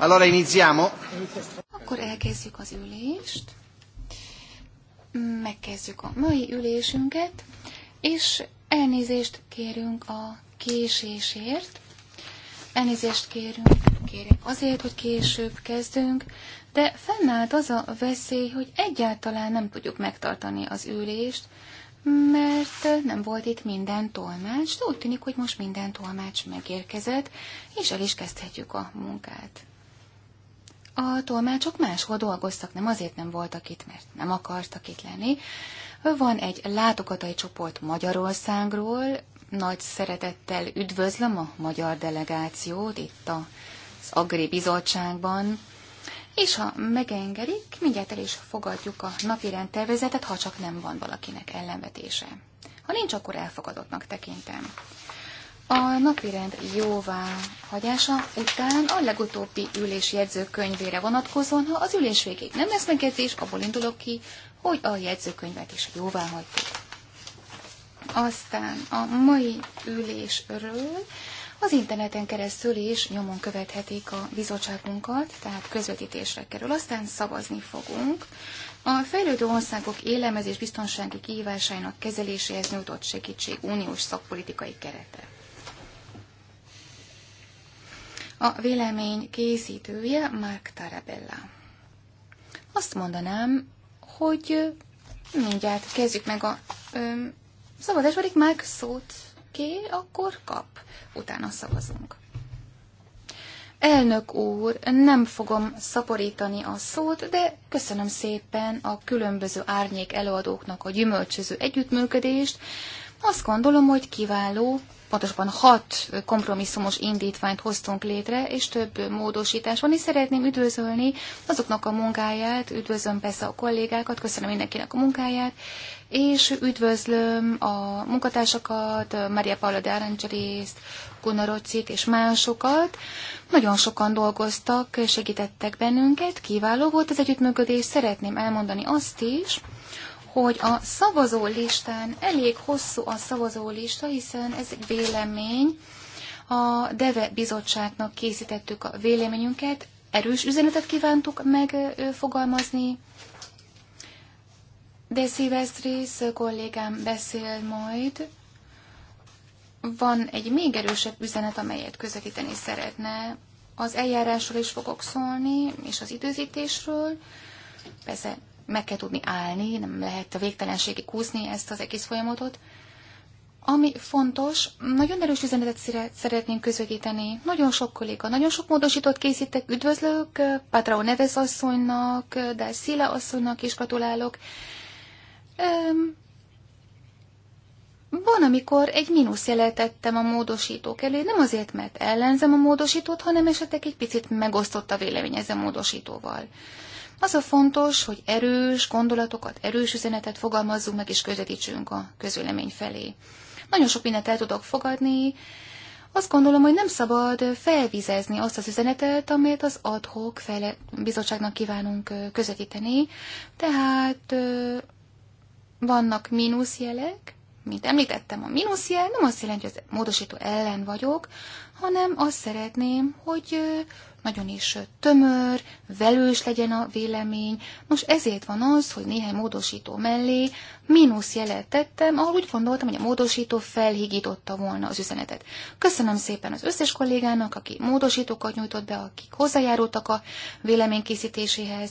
Allora iniziamo. Akkor elkezdjük az ülést. Megkezdjük a mai ülésünket, és elnézést kérünk a késésért. Elnézést kérünk, kérünk azért, hogy később kezdünk, de fennállt az a veszély, hogy egyáltalán nem tudjuk megtartani az ülést, mert nem volt itt minden tolmács, de úgy tűnik, hogy most minden tolmács megérkezett, és el is kezdhetjük a munkát a tolmácsok máshol dolgoztak, nem azért nem voltak itt, mert nem akartak itt lenni. Van egy látogatai csoport Magyarországról, nagy szeretettel üdvözlöm a magyar delegációt itt az Agri Bizottságban, és ha megengedik, mindjárt el is fogadjuk a napirend tervezetet, ha csak nem van valakinek ellenvetése. Ha nincs, akkor elfogadottnak tekintem. A napirend jóvá hagyása után a legutóbbi ülés jegyzőkönyvére vonatkozóan, ha az ülés végéig nem lesz megjegyzés, abból indulok ki, hogy a jegyzőkönyvet is jóvá hagyjuk. Aztán a mai ülésről az interneten keresztül is nyomon követhetik a bizottságunkat, tehát közvetítésre kerül. Aztán szavazni fogunk. A fejlődő országok élelmezés biztonsági kihívásainak kezeléséhez nyújtott segítség uniós szakpolitikai keretet. A vélemény készítője Mark Tarabella. Azt mondanám, hogy mindjárt kezdjük meg a ö, szavazás, pedig Mark szót ké, akkor kap. Utána szavazunk. Elnök úr, nem fogom szaporítani a szót, de köszönöm szépen a különböző árnyék előadóknak a gyümölcsöző együttműködést, azt gondolom, hogy kiváló, pontosabban hat kompromisszumos indítványt hoztunk létre, és több módosítás van, és szeretném üdvözölni azoknak a munkáját, üdvözlöm persze a kollégákat, köszönöm mindenkinek a munkáját, és üdvözlöm a munkatársakat, Maria Paula de Arancsarészt, Gunarocit és másokat. Nagyon sokan dolgoztak, segítettek bennünket, kiváló volt az együttműködés, szeretném elmondani azt is, hogy a szavazó listán elég hosszú a szavazó lista, hiszen ez egy vélemény. A DEVE bizottságnak készítettük a véleményünket, erős üzenetet kívántuk megfogalmazni, de Szilvesztrész kollégám beszél majd. Van egy még erősebb üzenet, amelyet közvetíteni szeretne. Az eljárásról is fogok szólni, és az időzítésről. Persze meg kell tudni állni, nem lehet a végtelenségig kúszni ezt az egész folyamatot. Ami fontos, nagyon erős üzenetet szeretnénk közvetíteni. Nagyon sok kolléga, nagyon sok módosítót készítek. Üdvözlök Patrao Neves asszonynak, de Szila asszonynak is gratulálok. Van, amikor egy mínusz tettem a módosítók elé, nem azért, mert ellenzem a módosítót, hanem esetleg egy picit megosztott a vélemény ezzel módosítóval. Az a fontos, hogy erős gondolatokat, erős üzenetet fogalmazzunk meg és közvetítsünk a közülemény felé. Nagyon sok mindent el tudok fogadni, azt gondolom, hogy nem szabad felvizezni azt az üzenetet, amelyet az adhok fele bizottságnak kívánunk közvetíteni. Tehát vannak mínuszjelek, mint említettem, a mínuszjel nem azt jelenti, hogy az módosító ellen vagyok, hanem azt szeretném, hogy nagyon is tömör, velős legyen a vélemény. Most ezért van az, hogy néhány módosító mellé mínusz jelet tettem, ahol úgy gondoltam, hogy a módosító felhigította volna az üzenetet. Köszönöm szépen az összes kollégának, aki módosítókat nyújtott be, akik hozzájárultak a vélemény készítéséhez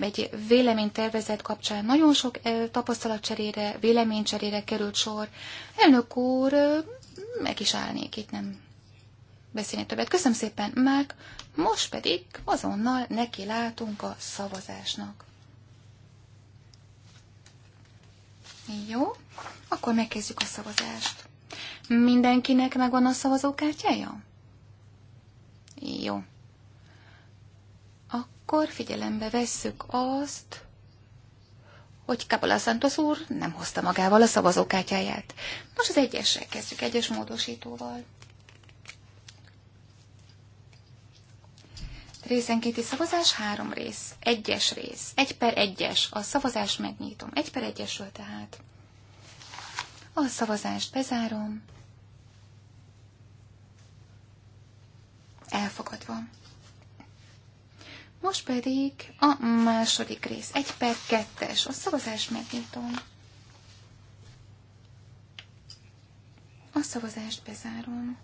egy véleménytervezet kapcsán nagyon sok tapasztalatcserére, véleménycserére került sor. Elnök úr, meg is állnék itt, nem beszélni többet. Köszönöm szépen, Márk. Most pedig azonnal neki látunk a szavazásnak. Jó, akkor megkezdjük a szavazást. Mindenkinek megvan a szavazókártyája? Jó akkor figyelembe vesszük azt, hogy Kapola Santos úr nem hozta magával a szavazókártyáját. Most az egyesre kezdjük, egyes módosítóval. Részenkéti szavazás három rész. Egyes rész. Egy per egyes. A szavazást megnyitom. Egy per egyesről tehát. A szavazást bezárom. Elfogadva. Most pedig a második rész, egy per kettes, a szavazás megnyitom. A szavazást bezárom.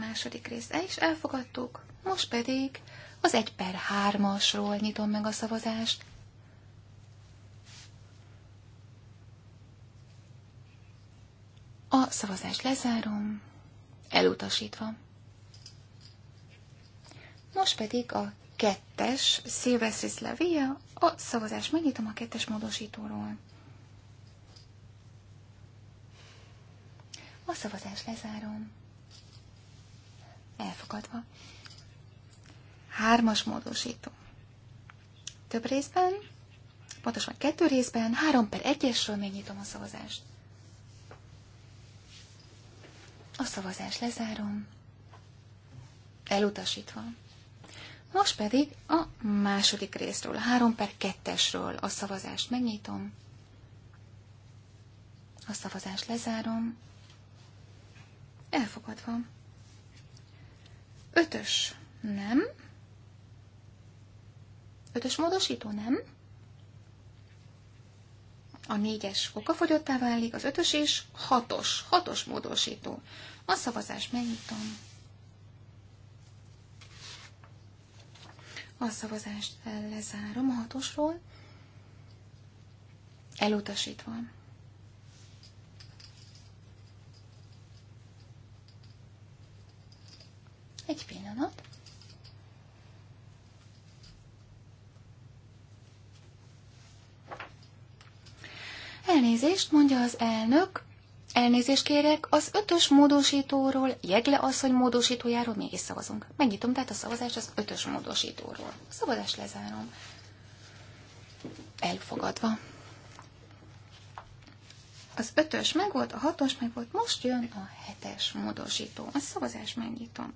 Második rész el is elfogadtuk, most pedig az 1 per 3-asról nyitom meg a szavazást. A szavazást lezárom, elutasítva. Most pedig a kettes, Szilveszris Levia, a szavazás. Megnyitom a kettes módosítóról. A szavazás lezárom. Elfogadva. Hármas módosító. Több részben, pontosan kettő részben, három per egyesről megnyitom a szavazást. A szavazás lezárom. Elutasítva. Most pedig a második részről, 3 per 2-esről a szavazást megnyitom. A szavazást lezárom. Elfogadva. Ötös. Nem. Ötös módosító, nem? A négyes okafogyottá válik, az ötös és hatos. Hatos módosító. A szavazást megnyitom. A szavazást lezárom a hatosról. Elutasítva. Egy pillanat. Elnézést, mondja az elnök, Elnézést kérek, az ötös módosítóról, Jegle asszony módosítójáról mégis szavazunk. Megnyitom tehát a szavazást az ötös módosítóról. A szavazást lezárom. Elfogadva. Az ötös meg volt, a hatos meg volt, most jön a hetes módosító. A szavazás megnyitom.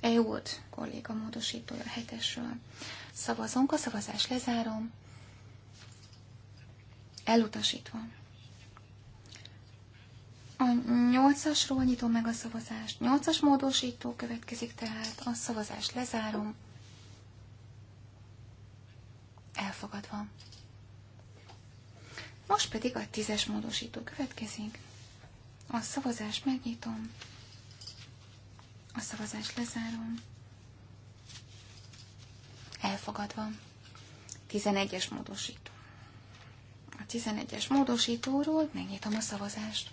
E, volt kolléga módosítója a hetesről. Szavazunk, a szavazás lezárom. Elutasítva. A nyolcasról nyitom meg a szavazást. Nyolcas módosító következik tehát. A szavazást lezárom. Elfogadva. Most pedig a tízes módosító következik. A szavazást megnyitom. A szavazást lezárom. Elfogadva. 11-es módosító. A 11-es módosítóról megnyitom a szavazást.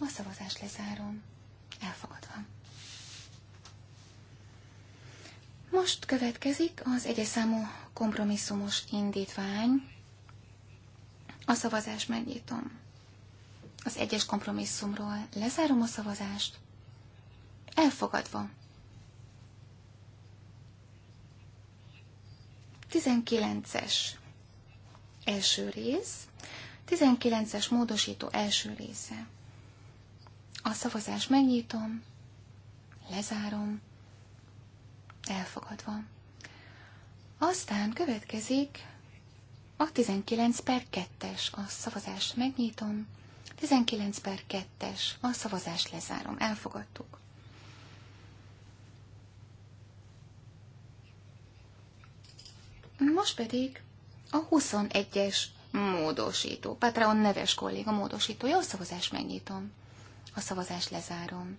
A szavazást lezárom. Elfogadva. Most következik az egyes számú kompromisszumos indítvány. A szavazást megnyitom. Az egyes kompromisszumról lezárom a szavazást. Elfogadva. 19-es első rész. 19-es módosító első része. A szavazást megnyitom, lezárom, elfogadva. Aztán következik a 19 per 2-es. A szavazást megnyitom, 19 per 2-es. A szavazást lezárom, elfogadtuk. Most pedig a 21-es módosító. Patreon neves kolléga módosítója, a szavazást megnyitom. A szavazást lezárom.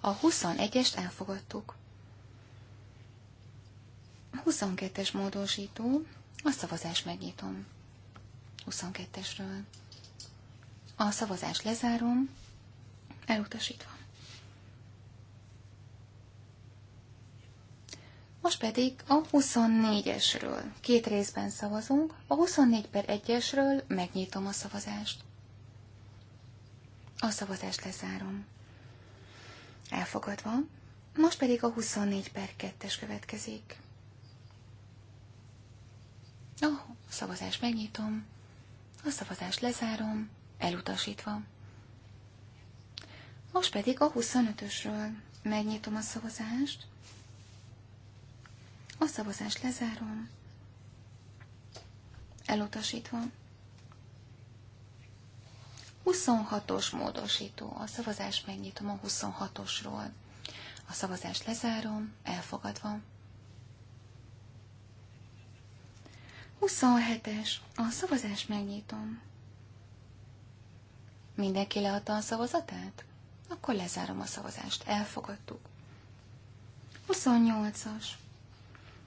A 21-est elfogadtuk. A 22-es módosító, a szavazást megnyitom. 22-esről. A szavazást lezárom, elutasítva. Most pedig a 24-esről. Két részben szavazunk. A 24 per 1-esről megnyitom a szavazást. 24-1. A szavazást lezárom. Elfogadva. Most pedig a 24 per 2-es következik. A szavazást megnyitom. A szavazást lezárom. Elutasítva. Most pedig a 25-ösről megnyitom a szavazást. A szavazást lezárom. Elutasítva. 26-os módosító. A szavazás megnyitom a 26-osról. A szavazást lezárom, elfogadva. 27-es. A szavazást megnyitom. Mindenki leadta a szavazatát? Akkor lezárom a szavazást. Elfogadtuk. 28-as.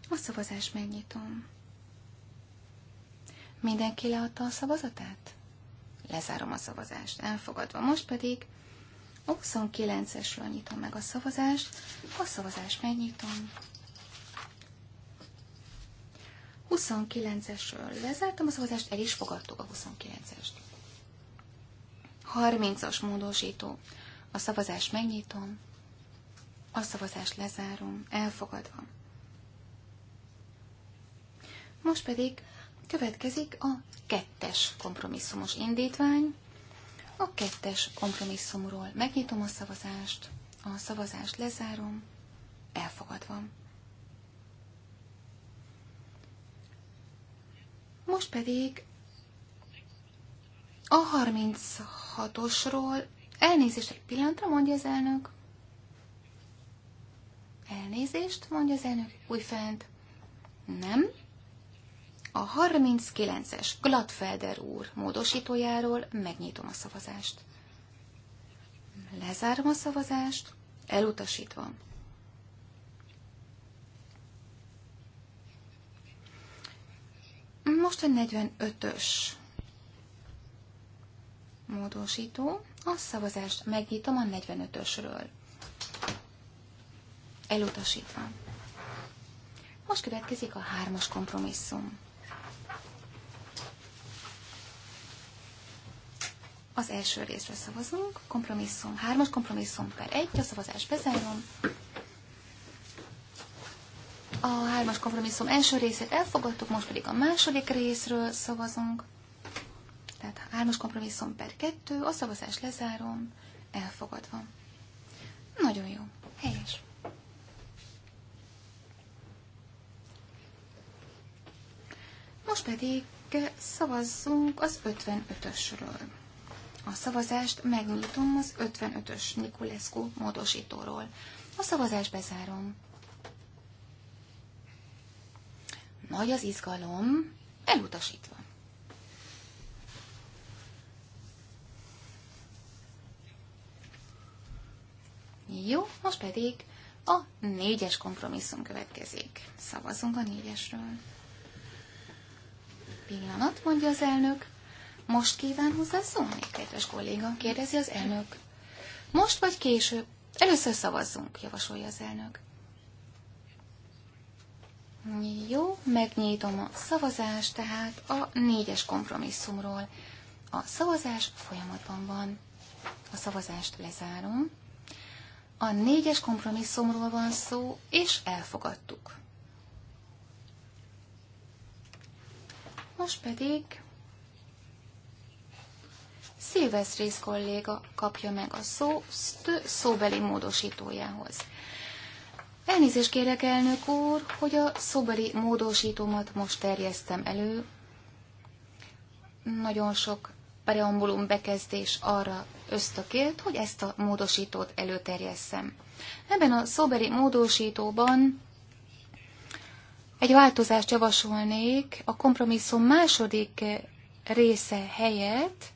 A szavazást megnyitom. Mindenki leadta a szavazatát? Lezárom a szavazást. Elfogadva. Most pedig 29-esről nyitom meg a szavazást. A szavazást megnyitom. 29-esről lezártam a szavazást, el is fogadtuk a 29-est. 30-as módosító. A szavazást megnyitom. A szavazást lezárom, elfogadva. Most pedig Következik a kettes kompromisszumos indítvány. A kettes kompromisszumról megnyitom a szavazást, a szavazást lezárom, elfogadva. Most pedig a 36-osról elnézést egy pillanatra, mondja az elnök. Elnézést, mondja az elnök újfent. Nem, a 39-es Gladfelder úr módosítójáról megnyitom a szavazást. Lezárom a szavazást, elutasítva. Most a 45-ös módosító. A szavazást megnyitom a 45-ösről. Elutasítva. Most következik a hármas kompromisszum. Az első részre szavazunk, kompromisszum 3-as, kompromisszum per 1, a szavazás bezárom. A 3-as kompromisszum első részét elfogadtuk, most pedig a második részről szavazunk. Tehát 3-as kompromisszum per 2, a szavazás lezárom, elfogadva. Nagyon jó, helyes. Most pedig szavazzunk az 55-ösről. A szavazást megnyitom az 55-ös Nikulescu módosítóról. A szavazást bezárom. Nagy az izgalom, elutasítva. Jó, most pedig a négyes kompromisszum következik. Szavazunk a négyesről. Pillanat, mondja az elnök. Most kíván hozzászólni, kedves kolléga? Kérdezi az elnök. Most vagy később? Először szavazzunk, javasolja az elnök. Jó, megnyitom a szavazást, tehát a négyes kompromisszumról. A szavazás folyamatban van. A szavazást lezárom. A négyes kompromisszumról van szó, és elfogadtuk. Most pedig Szilveszrész kolléga kapja meg a szó szóbeli módosítójához. Elnézést kérek, elnök úr, hogy a szobeli módosítómat most terjesztem elő. Nagyon sok preambulum bekezdés arra ösztökélt, hogy ezt a módosítót előterjesszem. Ebben a szobeli módosítóban egy változást javasolnék a kompromisszum második része helyett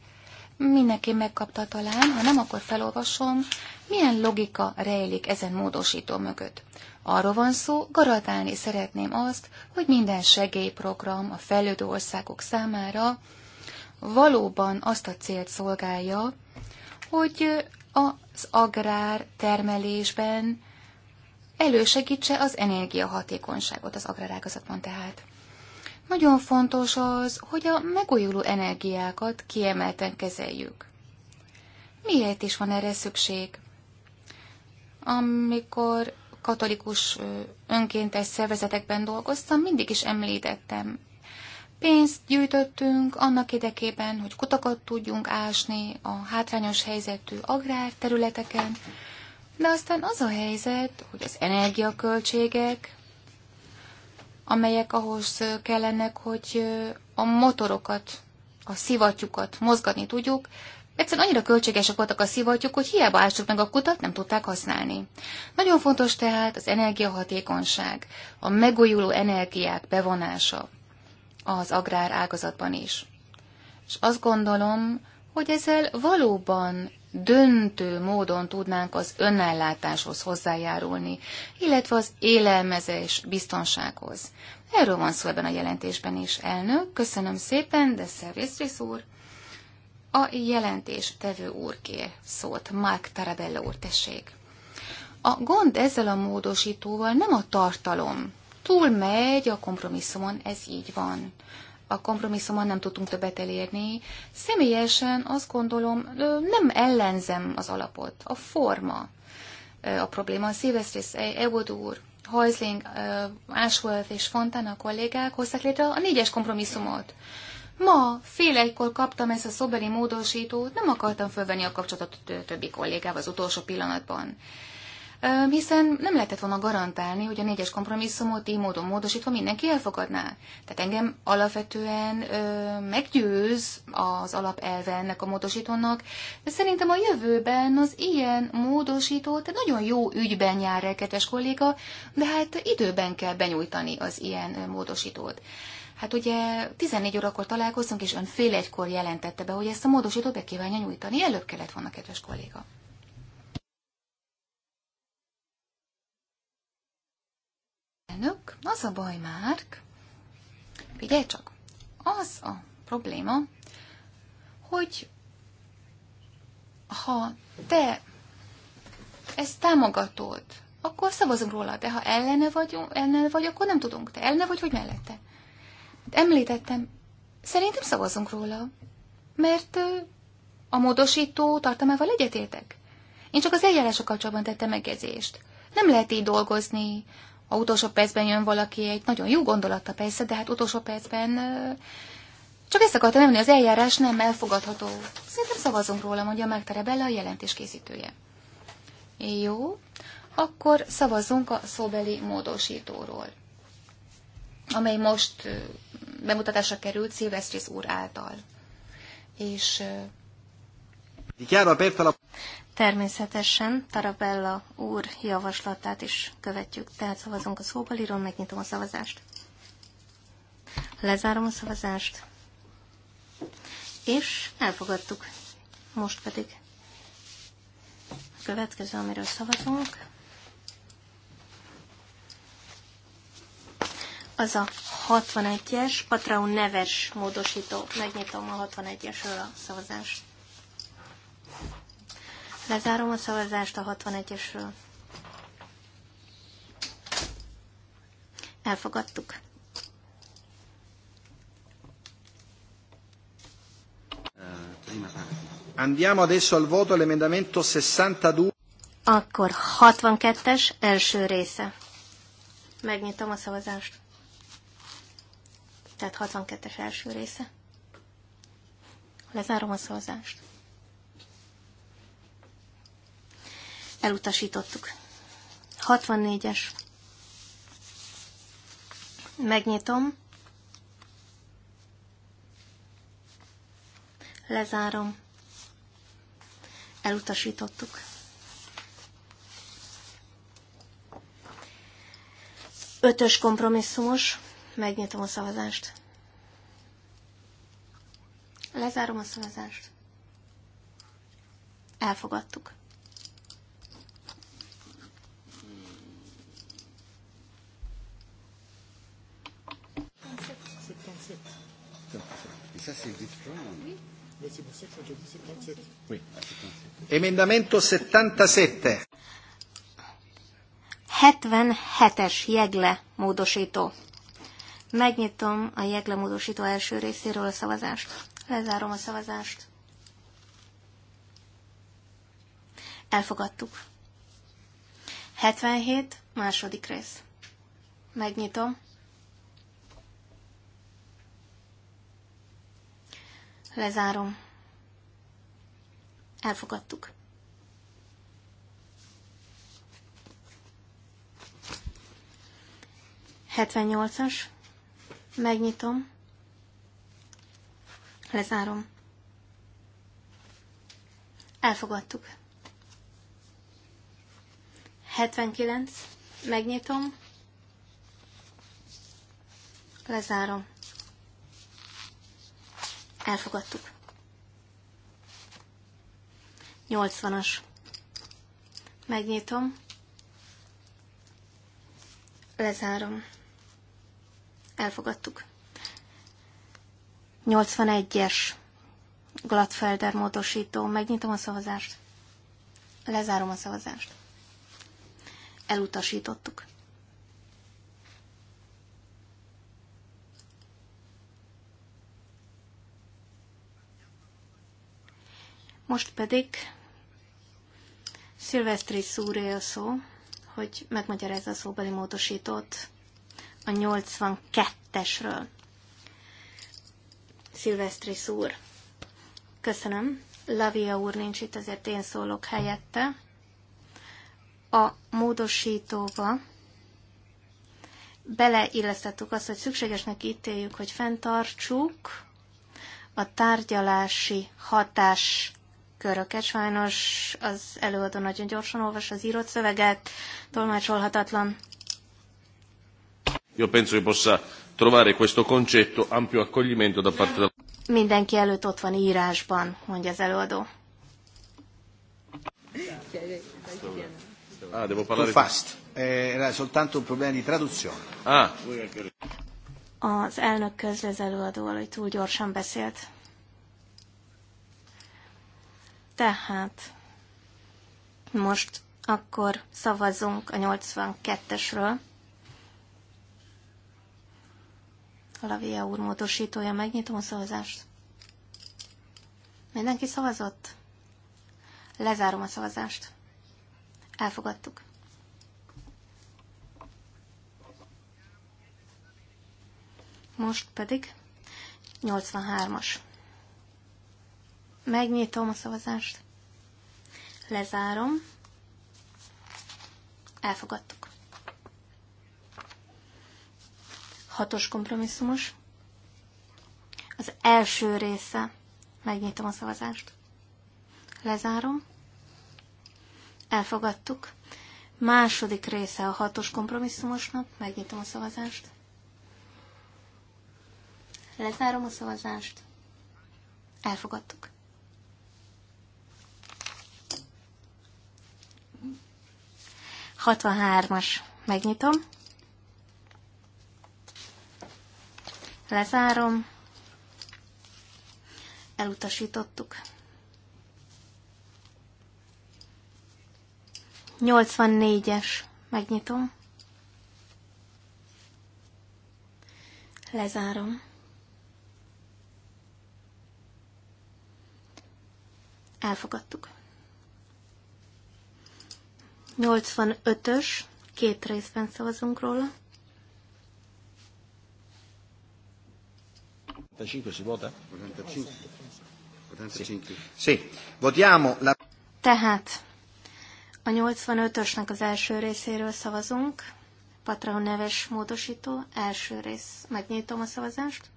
Mindenki megkapta talán, ha nem, akkor felolvasom, milyen logika rejlik ezen módosító mögött. Arról van szó, garantálni szeretném azt, hogy minden segélyprogram a fejlődő országok számára valóban azt a célt szolgálja, hogy az agrár termelésben elősegítse az energiahatékonyságot az agrárágazatban tehát. Nagyon fontos az, hogy a megújuló energiákat kiemelten kezeljük. Miért is van erre szükség? Amikor katolikus önkéntes szervezetekben dolgoztam, mindig is említettem. Pénzt gyűjtöttünk annak érdekében, hogy kutakat tudjunk ásni a hátrányos helyzetű agrárterületeken, de aztán az a helyzet, hogy az energiaköltségek amelyek ahhoz kellenek, hogy a motorokat, a szivattyukat mozgatni tudjuk. Egyszerűen annyira költségesek voltak a szivattyúk, hogy hiába ástuk meg a kutat, nem tudták használni. Nagyon fontos tehát az energiahatékonyság, a megújuló energiák bevonása az agrár ágazatban is. És azt gondolom, hogy ezzel valóban döntő módon tudnánk az önellátáshoz hozzájárulni, illetve az élelmezés biztonsághoz. Erről van szó ebben a jelentésben is, elnök. Köszönöm szépen, de szervészrész úr. A jelentés tevő úr kér szót, Mark Tarabella úr, tessék. A gond ezzel a módosítóval nem a tartalom. Túl megy a kompromisszumon, ez így van a kompromisszumon nem tudtunk többet elérni. Személyesen azt gondolom, nem ellenzem az alapot, a forma a probléma. Szilvesztrész Eod úr, Heusling, Ashworth és Fontana kollégák hozták létre a négyes kompromisszumot. Ma fél egykor kaptam ezt a szobeli módosítót, nem akartam fölvenni a kapcsolatot többi kollégával az utolsó pillanatban hiszen nem lehetett volna garantálni, hogy a négyes kompromisszumot így módon módosítva mindenki elfogadná. Tehát engem alapvetően meggyőz az alapelve ennek a módosítónak, de szerintem a jövőben az ilyen módosító, tehát nagyon jó ügyben jár el, kedves kolléga, de hát időben kell benyújtani az ilyen módosítót. Hát ugye 14 órakor találkoztunk, és ön fél egykor jelentette be, hogy ezt a módosítót be kívánja nyújtani. Előbb kellett volna, kedves kolléga. Elnök, az a baj, Márk. Figyelj csak, az a probléma, hogy ha te ezt támogatod, akkor szavazunk róla, de ha ellene vagy, ellene vagy, akkor nem tudunk. Te ellene vagy, hogy mellette? Hát említettem, szerintem szavazunk róla, mert a módosító tartalmával egyetértek. Én csak az eljárásokkal kapcsolatban tettem megjegyzést. Nem lehet így dolgozni a utolsó percben jön valaki egy nagyon jó gondolata persze, de hát utolsó percben csak ezt akartam emlni, az eljárás nem elfogadható. Szerintem szavazunk róla, mondja Bella, a jelentés készítője. Jó, akkor szavazunk a szóbeli módosítóról, amely most bemutatásra került Szilvesztris úr által. És Természetesen Tarabella úr javaslatát is követjük, tehát szavazunk a szóbalíról, megnyitom a szavazást. Lezárom a szavazást, és elfogadtuk. Most pedig a következő, amiről szavazunk, az a 61-es, Patraun neves módosító. Megnyitom a 61-esről a szavazást. Lezárom a szavazást a 61-esről. Elfogadtuk. Andiamo adesso al voto l'emendamento 62. Akkor 62-es első része. Megnyitom a szavazást. Tehát 62-es első része. Lezárom a szavazást. Elutasítottuk. 64-es. Megnyitom. Lezárom. Elutasítottuk. Ötös kompromisszumos. Megnyitom a szavazást. Lezárom a szavazást. Elfogadtuk. Ça, c'est Oui. Emendamento 77. 77-es jegle módosító. Megnyitom a jegle módosító első részéről a szavazást. Lezárom a szavazást. Elfogadtuk. 77, második rész. Megnyitom. Lezárom. Elfogadtuk. Hetvennyolcas. Megnyitom. Lezárom. Elfogadtuk. 79. Megnyitom. Lezárom. Elfogadtuk. 80-as. Megnyitom. Lezárom. Elfogadtuk. 81-es. Gladfelder módosító. Megnyitom a szavazást. Lezárom a szavazást. Elutasítottuk. Most pedig Szilvesztri szúré a szó, hogy megmagyarázza a szóbeli módosítót a 82-esről. Szilvesztri szúr. Köszönöm. Lavia úr nincs itt, azért én szólok helyette. A módosítóba beleillesztettük azt, hogy szükségesnek ítéljük, hogy fenntartsuk a tárgyalási hatás köröket. Sajnos az előadó nagyon gyorsan olvas az írott szöveget, tolmácsolhatatlan. Io penso che possa trovare questo concetto ampio accoglimento da parte della... Mindenki előtt ott van írásban, mondja az előadó. Ah, devo parlare... Too fast. Eh, era soltanto un problema di traduzione. Ah. Az elnök közli az előadóval, hogy túl gyorsan beszélt. Tehát most akkor szavazunk a 82-esről. Lavia úr módosítója, megnyitom a szavazást. Mindenki szavazott? Lezárom a szavazást. Elfogadtuk. Most pedig 83-as. Megnyitom a szavazást. Lezárom. Elfogadtuk. Hatos kompromisszumos. Az első része. Megnyitom a szavazást. Lezárom. Elfogadtuk. Második része a hatos kompromisszumosnak. Megnyitom a szavazást. Lezárom a szavazást. Elfogadtuk. 63-as. Megnyitom. Lezárom. Elutasítottuk. 84-es. Megnyitom. Lezárom. Elfogadtuk. 85-ös, két részben szavazunk róla. Tehát a 85-ösnek az első részéről szavazunk. Patron neves módosító, első rész. Megnyitom a szavazást.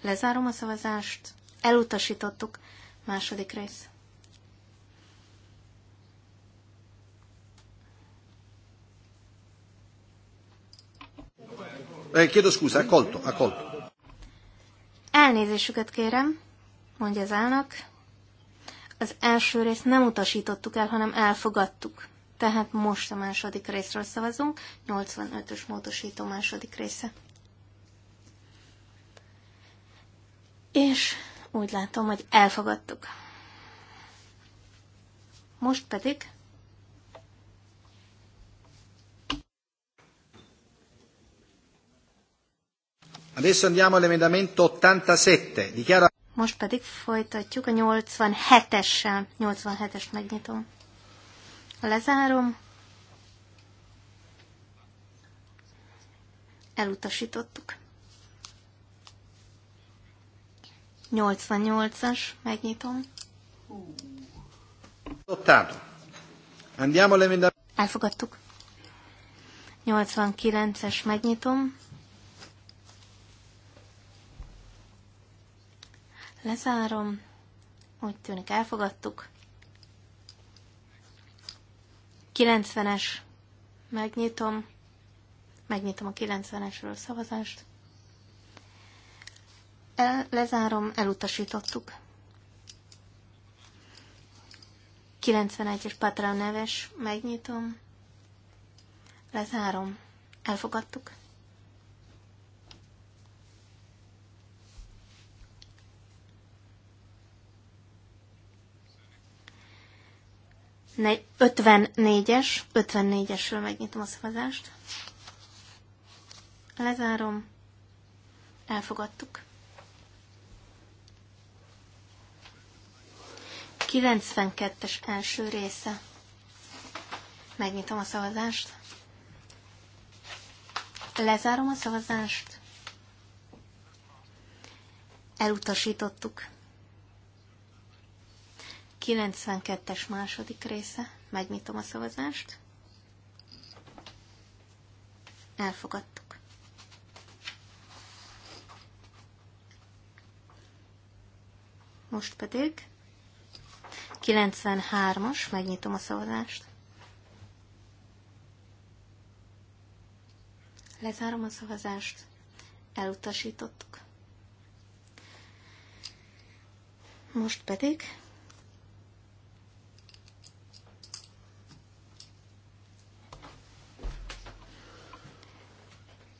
Lezárom a szavazást. Elutasítottuk. Második rész. Eh, chiedo scusa, accolto, accolto. Elnézésüket kérem, mondja az elnök. Az első részt nem utasítottuk el, hanem elfogadtuk. Tehát most a második részről szavazunk, 85-ös módosító második része. És úgy látom, hogy elfogadtuk. Most pedig Adesso andiamo all'emendamento 87. Most pedig folytatjuk a 87-essel. 87-es megnyitom. Lezárom. Elutasítottuk. 88-as, megnyitom. Adottato. Andiamo all'emendamento. Elfogadtuk. 89-es, megnyitom. Lezárom. Úgy tűnik elfogadtuk. 90-es. Megnyitom. Megnyitom a 90-esről szavazást. El, lezárom, elutasítottuk. 91-es Patra neves, megnyitom. Lezárom. Elfogadtuk. 54-es, 54-esről megnyitom a szavazást. Lezárom. Elfogadtuk. 92-es első része. Megnyitom a szavazást. Lezárom a szavazást. Elutasítottuk. 92-es második része. Megnyitom a szavazást. Elfogadtuk. Most pedig 93-as, megnyitom a szavazást. Lezárom a szavazást. Elutasítottuk. Most pedig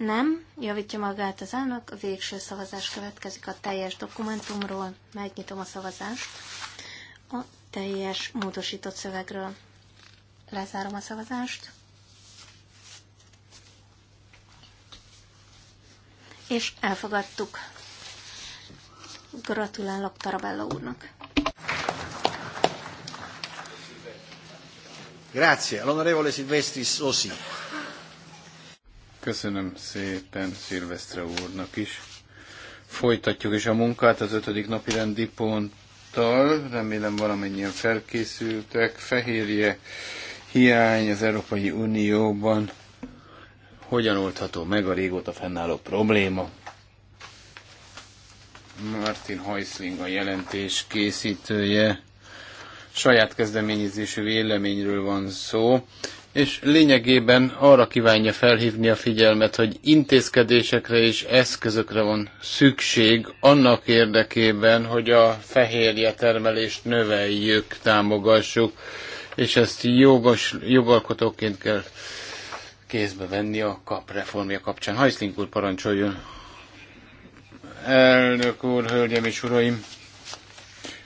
Nem, javítja magát az elnök, a végső szavazás következik a teljes dokumentumról. Megnyitom a szavazást a teljes módosított szövegről. Lezárom a szavazást. És elfogadtuk. Gratulálok Tarabella úrnak. Grazie, L'onorevole Silvestris Osi. Köszönöm szépen Szilvesztre úrnak is. Folytatjuk is a munkát az ötödik napi rendi ponttal. Remélem valamennyien felkészültek. Fehérje hiány az Európai Unióban. Hogyan oldható meg a régóta fennálló probléma? Martin Heisling a jelentés készítője. Saját kezdeményezésű véleményről van szó és lényegében arra kívánja felhívni a figyelmet, hogy intézkedésekre és eszközökre van szükség annak érdekében, hogy a fehérje termelést növeljük, támogassuk, és ezt jogos, jogalkotóként kell kézbe venni a kap reformja kapcsán. Hajszlink úr, parancsoljon! Elnök úr, hölgyem és uraim!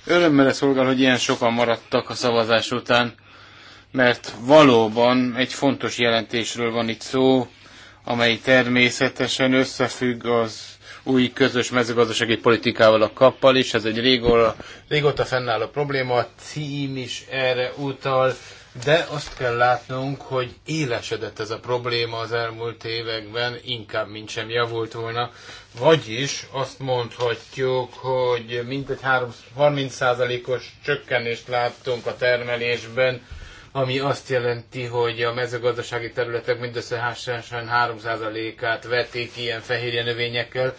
Örömmel szolgál, hogy ilyen sokan maradtak a szavazás után mert valóban egy fontos jelentésről van itt szó, amely természetesen összefügg az új közös mezőgazdasági politikával, a kappal is. Ez egy régóra, régóta fennáll a probléma, a cím is erre utal, de azt kell látnunk, hogy élesedett ez a probléma az elmúlt években, inkább mint sem javult volna. Vagyis azt mondhatjuk, hogy mintegy 30%-os csökkenést láttunk a termelésben, ami azt jelenti, hogy a mezőgazdasági területek mindössze 3%-át vették ilyen fehérje növényekkel.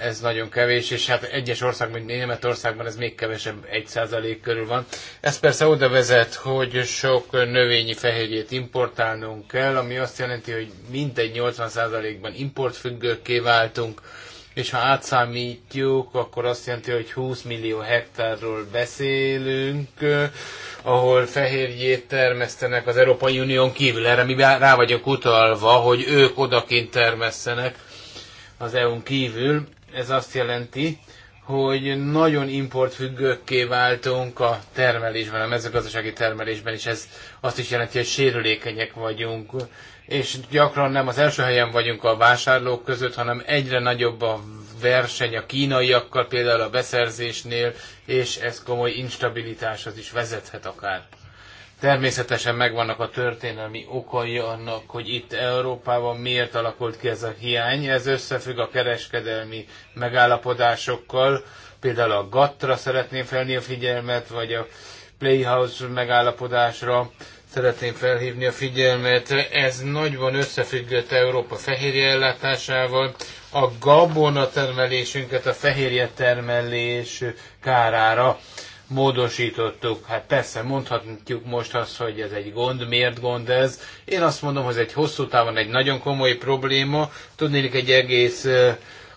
Ez nagyon kevés, és hát egyes ország, mint Németországban ez még kevesebb, 1% körül van. Ez persze oda vezet, hogy sok növényi fehérjét importálnunk kell, ami azt jelenti, hogy mindegy 80%-ban importfüggőkké váltunk és ha átszámítjuk, akkor azt jelenti, hogy 20 millió hektárról beszélünk, ahol fehérjét termesztenek az Európai Unión kívül. Erre mi rá vagyok utalva, hogy ők odakint termesztenek az EU-n kívül. Ez azt jelenti, hogy nagyon importfüggőkké váltunk a termelésben, a mezőgazdasági termelésben, és ez azt is jelenti, hogy sérülékenyek vagyunk és gyakran nem az első helyen vagyunk a vásárlók között, hanem egyre nagyobb a verseny a kínaiakkal, például a beszerzésnél, és ez komoly instabilitáshoz is vezethet akár. Természetesen megvannak a történelmi okai annak, hogy itt Európában miért alakult ki ez a hiány. Ez összefügg a kereskedelmi megállapodásokkal, például a GATT-ra szeretném felni a figyelmet, vagy a Playhouse megállapodásra, szeretném felhívni a figyelmet, ez nagyban összefüggött Európa fehérje ellátásával, a gabona termelésünket a fehérje termelés kárára módosítottuk. Hát persze mondhatjuk most azt, hogy ez egy gond, miért gond ez. Én azt mondom, hogy ez egy hosszú távon egy nagyon komoly probléma. Tudnélik, egy egész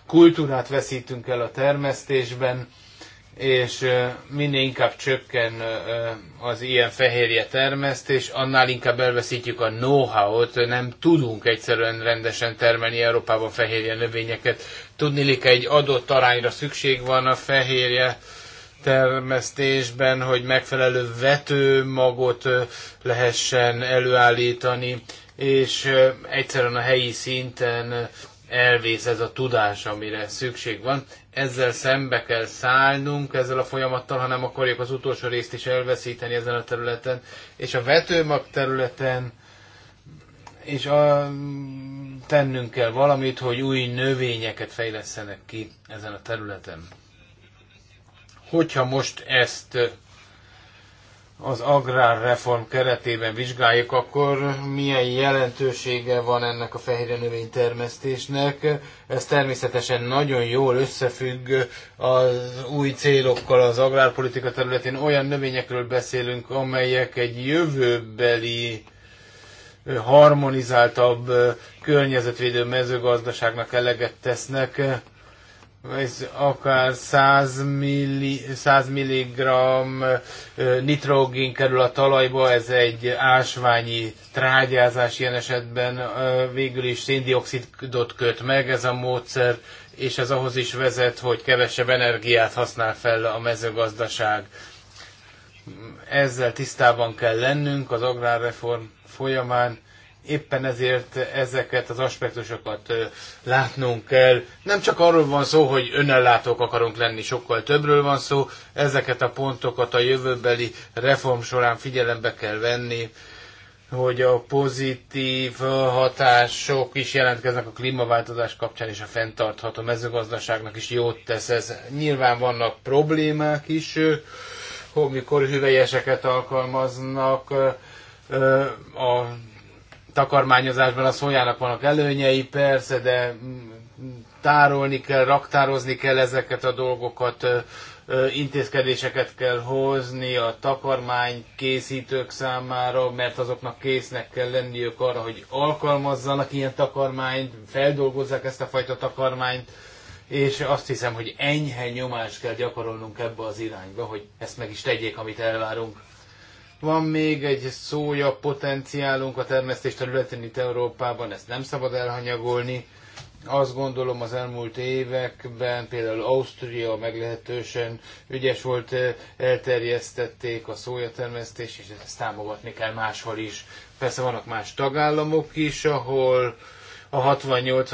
kultúrát veszítünk el a termesztésben és minél inkább csökken az ilyen fehérje termesztés, annál inkább elveszítjük a know-how-t, nem tudunk egyszerűen rendesen termelni Európában fehérje növényeket. Tudni hogy egy adott arányra szükség van a fehérje termesztésben, hogy megfelelő vetőmagot lehessen előállítani, és egyszerűen a helyi szinten elvész ez a tudás, amire szükség van ezzel szembe kell szállnunk, ezzel a folyamattal, hanem akarjuk az utolsó részt is elveszíteni ezen a területen. És a vetőmag területen és a, tennünk kell valamit, hogy új növényeket fejlesztenek ki ezen a területen. Hogyha most ezt az agrárreform keretében vizsgáljuk, akkor milyen jelentősége van ennek a fehérje növénytermesztésnek. Ez természetesen nagyon jól összefügg az új célokkal az agrárpolitika területén. Olyan növényekről beszélünk, amelyek egy jövőbeli harmonizáltabb környezetvédő mezőgazdaságnak eleget tesznek ez akár 100, milli, 100 mg nitrogén kerül a talajba, ez egy ásványi trágyázás ilyen esetben végül is széndiokszidot köt meg ez a módszer, és ez ahhoz is vezet, hogy kevesebb energiát használ fel a mezőgazdaság. Ezzel tisztában kell lennünk az agrárreform folyamán, Éppen ezért ezeket az aspektusokat látnunk kell. Nem csak arról van szó, hogy önellátók akarunk lenni, sokkal többről van szó. Ezeket a pontokat a jövőbeli reform során figyelembe kell venni, hogy a pozitív hatások is jelentkeznek a klímaváltozás kapcsán, és a fenntartható mezőgazdaságnak is jót tesz ez. Nyilván vannak problémák is, amikor hüvelyeseket alkalmaznak, a takarmányozásban a szójának vannak előnyei, persze, de tárolni kell, raktározni kell ezeket a dolgokat, intézkedéseket kell hozni a takarmány készítők számára, mert azoknak késznek kell lenniük arra, hogy alkalmazzanak ilyen takarmányt, feldolgozzák ezt a fajta takarmányt, és azt hiszem, hogy enyhe nyomást kell gyakorolnunk ebbe az irányba, hogy ezt meg is tegyék, amit elvárunk. Van még egy szója potenciálunk a termesztés területén itt Európában, ezt nem szabad elhanyagolni. Azt gondolom az elmúlt években, például Ausztria meglehetősen ügyes volt, elterjesztették a termesztés és ezt támogatni kell máshol is. Persze vannak más tagállamok is, ahol a 68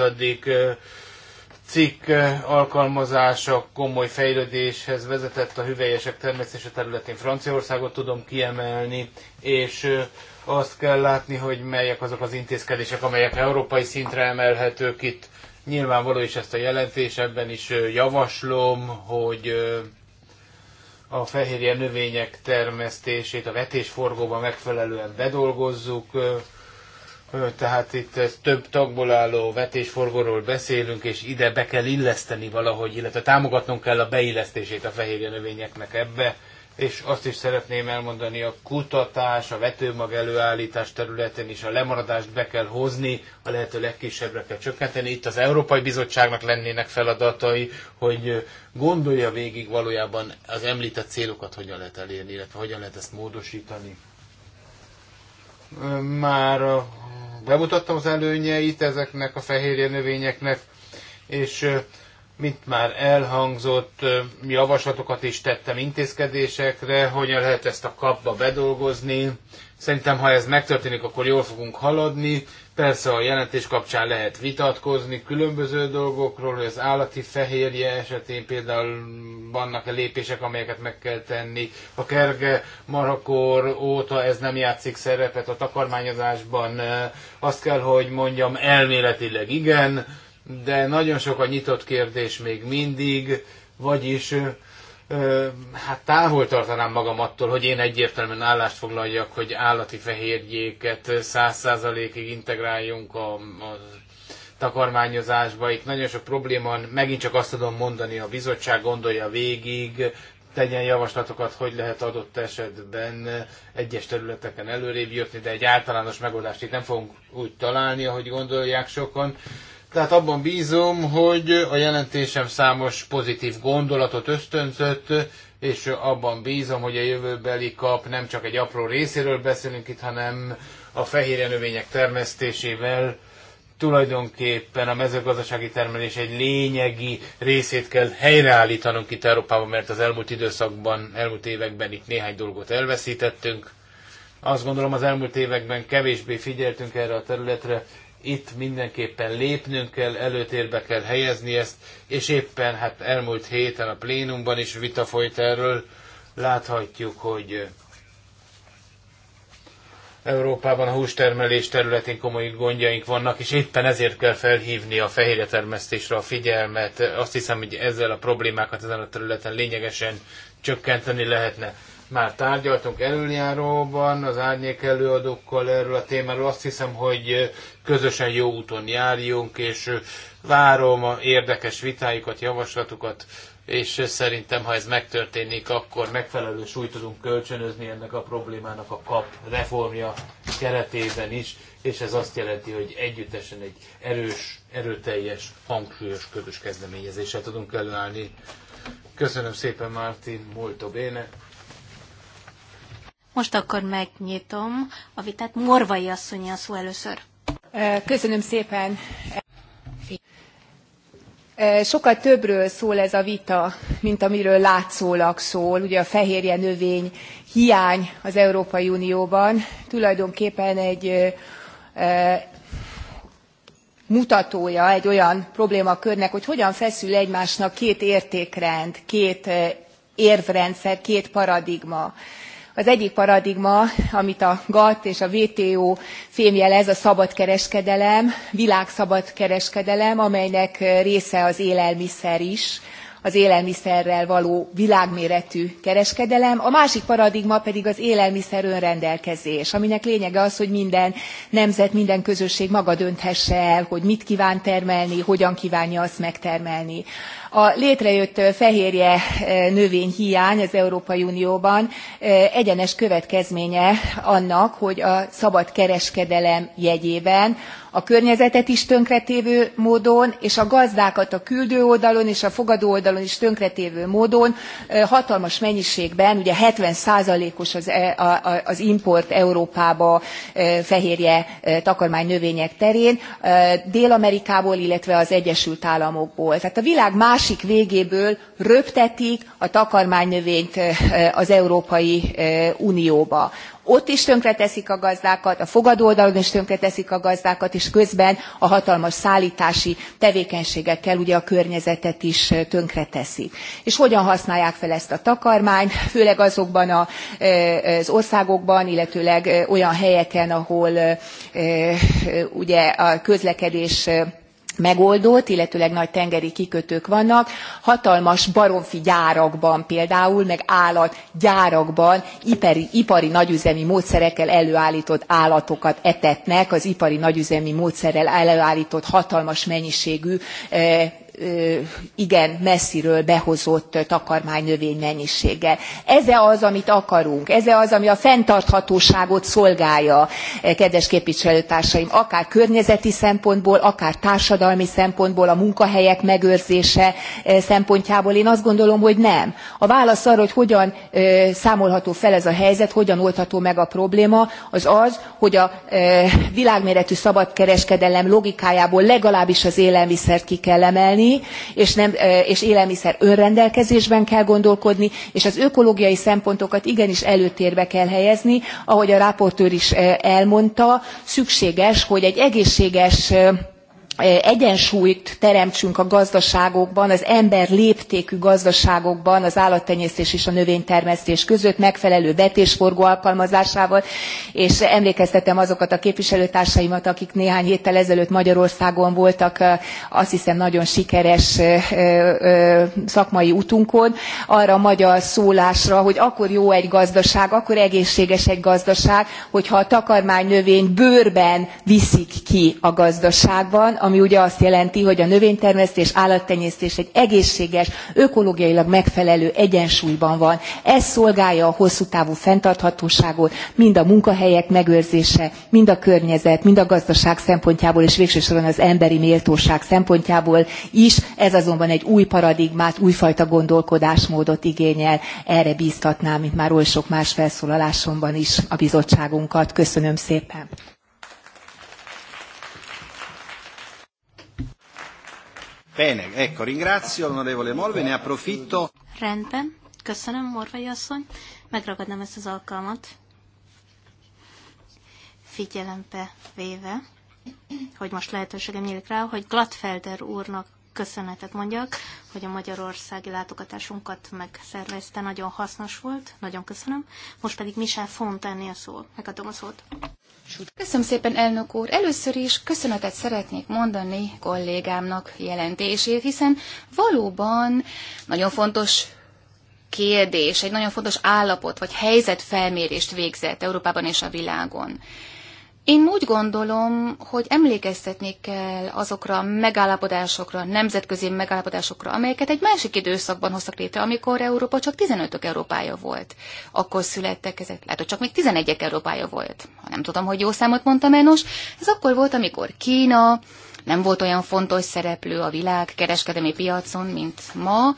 cikk eh, alkalmazása komoly fejlődéshez vezetett a hüvelyesek termesztése területén Franciaországot tudom kiemelni, és eh, azt kell látni, hogy melyek azok az intézkedések, amelyek európai szintre emelhetők itt. Nyilvánvaló, is, ezt a jelentés ebben is eh, javaslom, hogy a fehérje növények termesztését a vetésforgóban megfelelően bedolgozzuk, tehát itt ez több tagból álló vetésforgóról beszélünk, és ide be kell illeszteni valahogy, illetve támogatnunk kell a beillesztését a fehérje növényeknek ebbe. És azt is szeretném elmondani, a kutatás, a vetőmag előállítás területén is a lemaradást be kell hozni, a lehető legkisebbre kell csökkenteni. Itt az Európai Bizottságnak lennének feladatai, hogy gondolja végig valójában az említett célokat hogyan lehet elérni, illetve hogyan lehet ezt módosítani. Már a bemutattam az előnyeit ezeknek a fehérje növényeknek, és mint már elhangzott, javaslatokat is tettem intézkedésekre, hogyan lehet ezt a kapba bedolgozni. Szerintem, ha ez megtörténik, akkor jól fogunk haladni, Persze a jelentés kapcsán lehet vitatkozni különböző dolgokról, hogy az állati fehérje esetén például vannak-e lépések, amelyeket meg kell tenni. A kerge marakor óta ez nem játszik szerepet a takarmányozásban. Azt kell, hogy mondjam, elméletileg igen, de nagyon sok a nyitott kérdés még mindig, vagyis hát távol tartanám magam attól, hogy én egyértelműen állást foglaljak, hogy állati fehérjéket száz százalékig integráljunk a, a takarmányozásba. Itt nagyon sok probléma, megint csak azt tudom mondani, a bizottság gondolja végig, tegyen javaslatokat, hogy lehet adott esetben egyes területeken előrébb jutni, de egy általános megoldást itt nem fogunk úgy találni, ahogy gondolják sokan. Tehát abban bízom, hogy a jelentésem számos pozitív gondolatot ösztönzött, és abban bízom, hogy a jövőbeli kap nem csak egy apró részéről beszélünk itt, hanem a fehérje növények termesztésével tulajdonképpen a mezőgazdasági termelés egy lényegi részét kell helyreállítanunk itt Európában, mert az elmúlt időszakban, elmúlt években itt néhány dolgot elveszítettünk. Azt gondolom az elmúlt években kevésbé figyeltünk erre a területre, itt mindenképpen lépnünk kell, előtérbe kell helyezni ezt, és éppen hát elmúlt héten a plénumban is vita folyt erről, láthatjuk, hogy Európában a hústermelés területén komoly gondjaink vannak, és éppen ezért kell felhívni a fehérjetermesztésre a figyelmet. Azt hiszem, hogy ezzel a problémákat ezen a területen lényegesen csökkenteni lehetne. Már tárgyaltunk előjáróban az árnyék előadókkal erről a témáról. Azt hiszem, hogy közösen jó úton járjunk, és várom a érdekes vitáikat, javaslatukat, és szerintem, ha ez megtörténik, akkor megfelelő súlyt tudunk kölcsönözni ennek a problémának a kap reformja keretében is, és ez azt jelenti, hogy együttesen egy erős, erőteljes, hangsúlyos közös kezdeményezéssel tudunk előállni. Köszönöm szépen, Márti, molto bene. Most akkor megnyitom a vitát. Morvai asszonyi a szó először. Köszönöm szépen. Sokkal többről szól ez a vita, mint amiről látszólag szól. Ugye a fehérje növény hiány az Európai Unióban tulajdonképpen egy mutatója egy olyan problémakörnek, hogy hogyan feszül egymásnak két értékrend, két érvrendszer, két paradigma az egyik paradigma amit a gatt és a wto fémjelez a szabadkereskedelem világszabadkereskedelem amelynek része az élelmiszer is az élelmiszerrel való világméretű kereskedelem a másik paradigma pedig az élelmiszer önrendelkezés aminek lényege az hogy minden nemzet minden közösség maga dönthesse el hogy mit kván termelni hogyan kvánja azt megtermelni. a létrejött fehérjenövényhiány az európai unióban egyenes következménye annak hogy a szabad kereskedelem jegyében a környezetet is tönkretévő módon és a gazdákat a küldő oldalon és a fogadó oldalon is tönkretévő módon hatalmas mennyiségben ugye seventy os az, e, az import európába fehérje takarmánynövények terén dél amerikából illetve az egyesült államokból. tehát a világ másik végéből röptetik a takarmánynövényt az európai unióba ott is tönkreteszik a gazdákat, a fogadó oldalon is tönkreteszik a gazdákat, és közben a hatalmas szállítási tevékenységekkel ugye a környezetet is tönkreteszik. És hogyan használják fel ezt a takarmányt, főleg azokban a, az országokban, illetőleg olyan helyeken, ahol ugye a közlekedés megoldott, illetőleg nagy tengeri kikötők vannak, hatalmas baromfi gyárakban például, meg állatgyárakban ipari, ipari nagyüzemi módszerekkel előállított állatokat etetnek az ipari nagyüzemi módszerrel előállított hatalmas mennyiségű eh, igen messziről behozott takarmánynövény mennyiséggel. ez e az amit akarunk ez e az ami a fenntarthatóságot szolgálja kedves képviselőtársaim akár környezeti szempontból akár társadalmi szempontból a munkahelyek megőrzése szempontjából én azt gondolom hogy nem. a válasz arra hogy hogyan számolható fel ez a helyzet hogyan oldható meg a probléma az az hogy a világméretű szabadkereskedelem logikájából legalábbis az élelmiszert ki kell emelni termelni és, nem, és élelmiszer önrendelkezésben kell gondolkodni és az ökológiai szempontokat igenis előtérbe kell helyezni ahogy a raportőr is elmondta szükséges hogy egy egészséges egyensúlyt teremtsünk a gazdaságokban az ember léptékű gazdaságokban az állattenyésztés és a növénytermesztés között megfelelő vetésforgó alkalmazásával és emlékeztetem azokat a képviselőtársaimat akik néhány héttel ezelőtt magyarországon voltak azt hiszem nagyon sikeres szakmai utunkon arra a magyar szólásra hogy akkor jó egy gazdaság akkor egészséges egy gazdaság hogyha a takarmánynövényt bőrben viszik ki a gazdaságban ami ugye azt jelenti hogy a növénytermesztés állattenyésztés egy egészséges ökológiailag megfelelő egyensúlyban van. ez szolgálja a hosszú távú fenntarthatóságot mind a munkahelyek megőrzése mind a környezet mind a gazdaság szempontjából és végső soron az emberi méltóság szempontjából is ez azonban egy új paradigmát újfajta gondolkodásmódot igényel erre bztatnám mint már oly sok más felszólalásomban is a bizottságunkat. köszönöm szépen! Bene, ecco, ringrazio l'onorevole Morve, ne approfitto. Rendben, köszönöm Morvai asszony, megragadnám ezt az alkalmat. Figyelembe véve, hogy most lehetőségem nyílik rá, hogy Gladfelder úrnak köszönetet mondjak, hogy a magyarországi látogatásunkat megszervezte, nagyon hasznos volt, nagyon köszönöm. Most pedig Michel Fontánél szól, megadom a szót. Köszönöm szépen, elnök úr! Először is köszönetet szeretnék mondani kollégámnak jelentését, hiszen valóban nagyon fontos kérdés, egy nagyon fontos állapot vagy helyzetfelmérést végzett Európában és a világon. Én úgy gondolom, hogy emlékeztetni kell azokra a megállapodásokra, nemzetközi megállapodásokra, amelyeket egy másik időszakban hoztak létre, amikor Európa csak 15-ök Európája volt. Akkor születtek ezek, lehet, hogy csak még 11-ek Európája volt. Ha nem tudom, hogy jó számot mondtam el, nos, ez akkor volt, amikor Kína nem volt olyan fontos szereplő a világ kereskedelmi piacon, mint ma.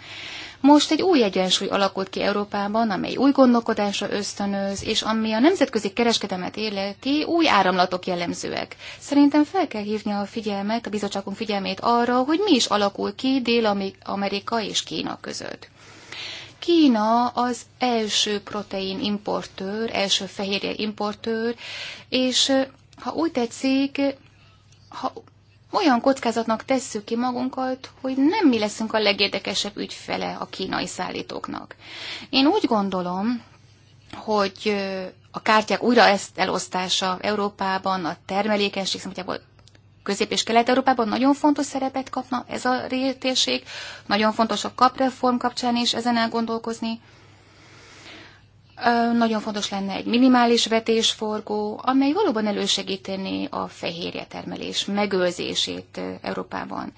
Most egy új egyensúly alakult ki Európában, amely új gondolkodásra ösztönöz, és ami a nemzetközi kereskedemet életi, új áramlatok jellemzőek. Szerintem fel kell hívni a figyelmet, a bizottságunk figyelmét arra, hogy mi is alakul ki Dél-Amerika és Kína között. Kína az első protein importőr, első fehérje importőr, és ha úgy tetszik, ha olyan kockázatnak tesszük ki magunkat, hogy nem mi leszünk a legérdekesebb ügyfele a kínai szállítóknak. Én úgy gondolom, hogy a kártyák újra ezt elosztása Európában, a termelékenység szempontjából Közép- és Kelet-Európában nagyon fontos szerepet kapna ez a rétérség. nagyon fontos a kapreform kapcsán is ezen elgondolkozni. Nagyon fontos lenne egy minimális vetésforgó, amely valóban elősegítené a fehérje termelés megőrzését Európában.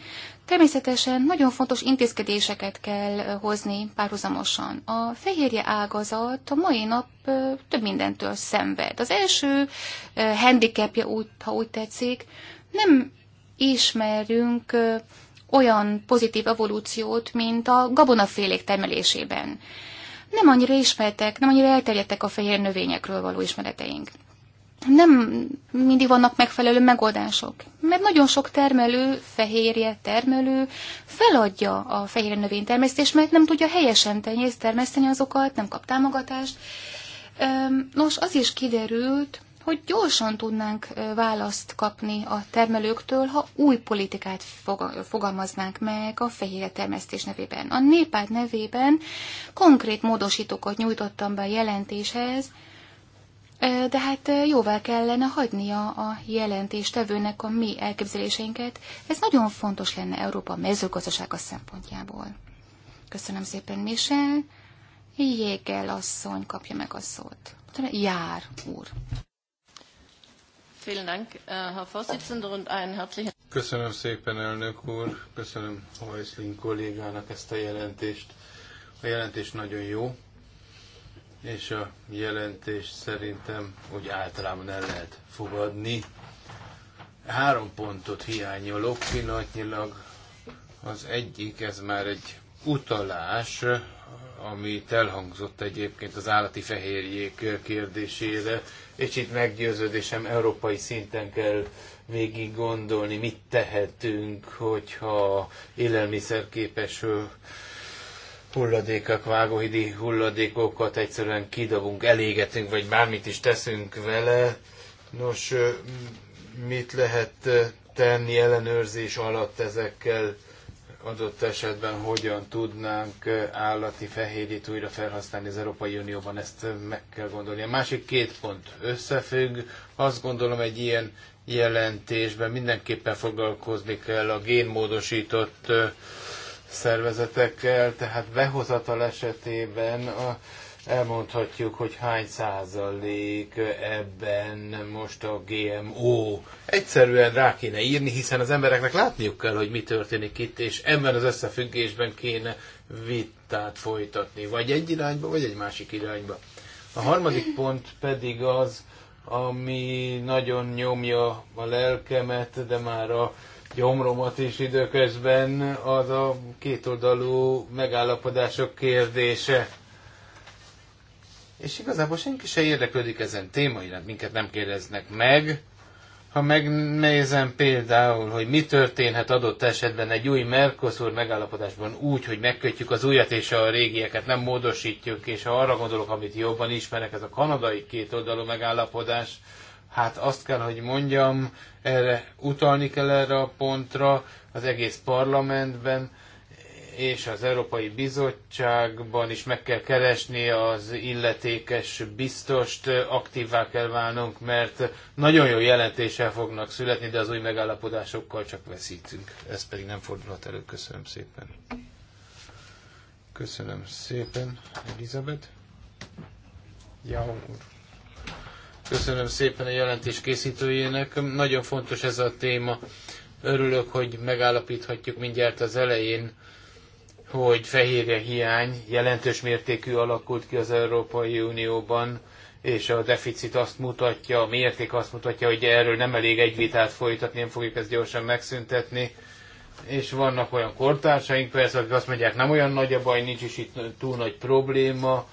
Természetesen nagyon fontos intézkedéseket kell hozni párhuzamosan. A fehérje ágazat a mai nap több mindentől szenved. Az első handicapja, ha úgy tetszik, nem ismerünk olyan pozitív evolúciót, mint a gabonafélék termelésében nem annyira ismertek, nem annyira elterjedtek a fehér növényekről való ismereteink. Nem mindig vannak megfelelő megoldások, mert nagyon sok termelő, fehérje termelő feladja a fehér növénytermesztést, mert nem tudja helyesen tenyészt termeszteni azokat, nem kap támogatást. Nos, az is kiderült, hogy gyorsan tudnánk választ kapni a termelőktől, ha új politikát fogalmaznánk meg a fehérje termesztés nevében. A népád nevében konkrét módosítókat nyújtottam be a jelentéshez, de hát jóvá kellene hagynia a jelentéstevőnek a mi elképzeléseinket. Ez nagyon fontos lenne Európa mezőgazdasága szempontjából. Köszönöm szépen, Michel. Jégel asszony kapja meg a szót. Jár úr. Äh, köszönöm szépen, elnök úr, köszönöm Hajszlin kollégának ezt a jelentést. A jelentés nagyon jó, és a jelentést szerintem úgy általában el lehet fogadni. Három pontot hiányolok pillanatnyilag. Az egyik, ez már egy utalás amit elhangzott egyébként az állati fehérjék kérdésére, és itt meggyőződésem európai szinten kell végig gondolni, mit tehetünk, hogyha élelmiszerképes hulladékok, vágóhidi hulladékokat egyszerűen kidobunk, elégetünk, vagy bármit is teszünk vele. Nos, mit lehet tenni ellenőrzés alatt ezekkel adott esetben hogyan tudnánk állati fehérjét újra felhasználni az Európai Unióban, ezt meg kell gondolni. A másik két pont összefügg. Azt gondolom, egy ilyen jelentésben mindenképpen foglalkozni kell a génmódosított szervezetekkel, tehát behozatal esetében a elmondhatjuk, hogy hány százalék ebben most a GMO. Egyszerűen rá kéne írni, hiszen az embereknek látniuk kell, hogy mi történik itt, és ebben az összefüggésben kéne vitát folytatni, vagy egy irányba, vagy egy másik irányba. A harmadik pont pedig az, ami nagyon nyomja a lelkemet, de már a gyomromat is időközben, az a kétoldalú megállapodások kérdése és igazából senki se érdeklődik ezen témaira, minket nem kérdeznek meg. Ha megnézem például, hogy mi történhet adott esetben egy új Mercosur megállapodásban úgy, hogy megkötjük az újat és a régieket nem módosítjuk, és ha arra gondolok, amit jobban ismerek, ez a kanadai kétoldalú megállapodás, hát azt kell, hogy mondjam, erre utalni kell erre a pontra az egész parlamentben, és az Európai Bizottságban is meg kell keresni az illetékes biztost, aktívvá kell válnunk, mert nagyon jó jelentéssel fognak születni, de az új megállapodásokkal csak veszítünk. Ez pedig nem fordulhat elő. Köszönöm szépen. Köszönöm szépen, Elizabeth. Ja, úr. Köszönöm szépen a jelentés készítőjének. Nagyon fontos ez a téma. Örülök, hogy megállapíthatjuk mindjárt az elején, hogy fehérje hiány jelentős mértékű alakult ki az Európai Unióban, és a deficit azt mutatja, a mérték azt mutatja, hogy erről nem elég egy vitát folytatni, nem fogjuk ezt gyorsan megszüntetni. És vannak olyan kortársaink persze, akik azt mondják, nem olyan nagy a baj, nincs is itt túl nagy probléma,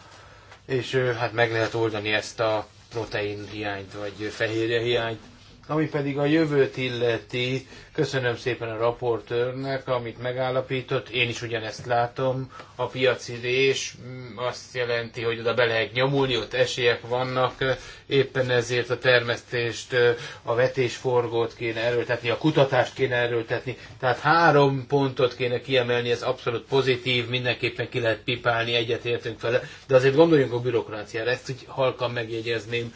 és hát meg lehet oldani ezt a protein hiányt, vagy fehérje hiányt. Ami pedig a jövőt illeti, köszönöm szépen a raportőrnek, amit megállapított. Én is ugyanezt látom. A rés mm, azt jelenti, hogy oda be lehet nyomulni, ott esélyek vannak. Éppen ezért a termesztést, a vetésforgót kéne erőltetni, a kutatást kéne erőltetni. Tehát három pontot kéne kiemelni, ez abszolút pozitív, mindenképpen ki lehet pipálni, egyetértünk vele. De azért gondoljunk a bürokráciára, ezt úgy halkan megjegyezném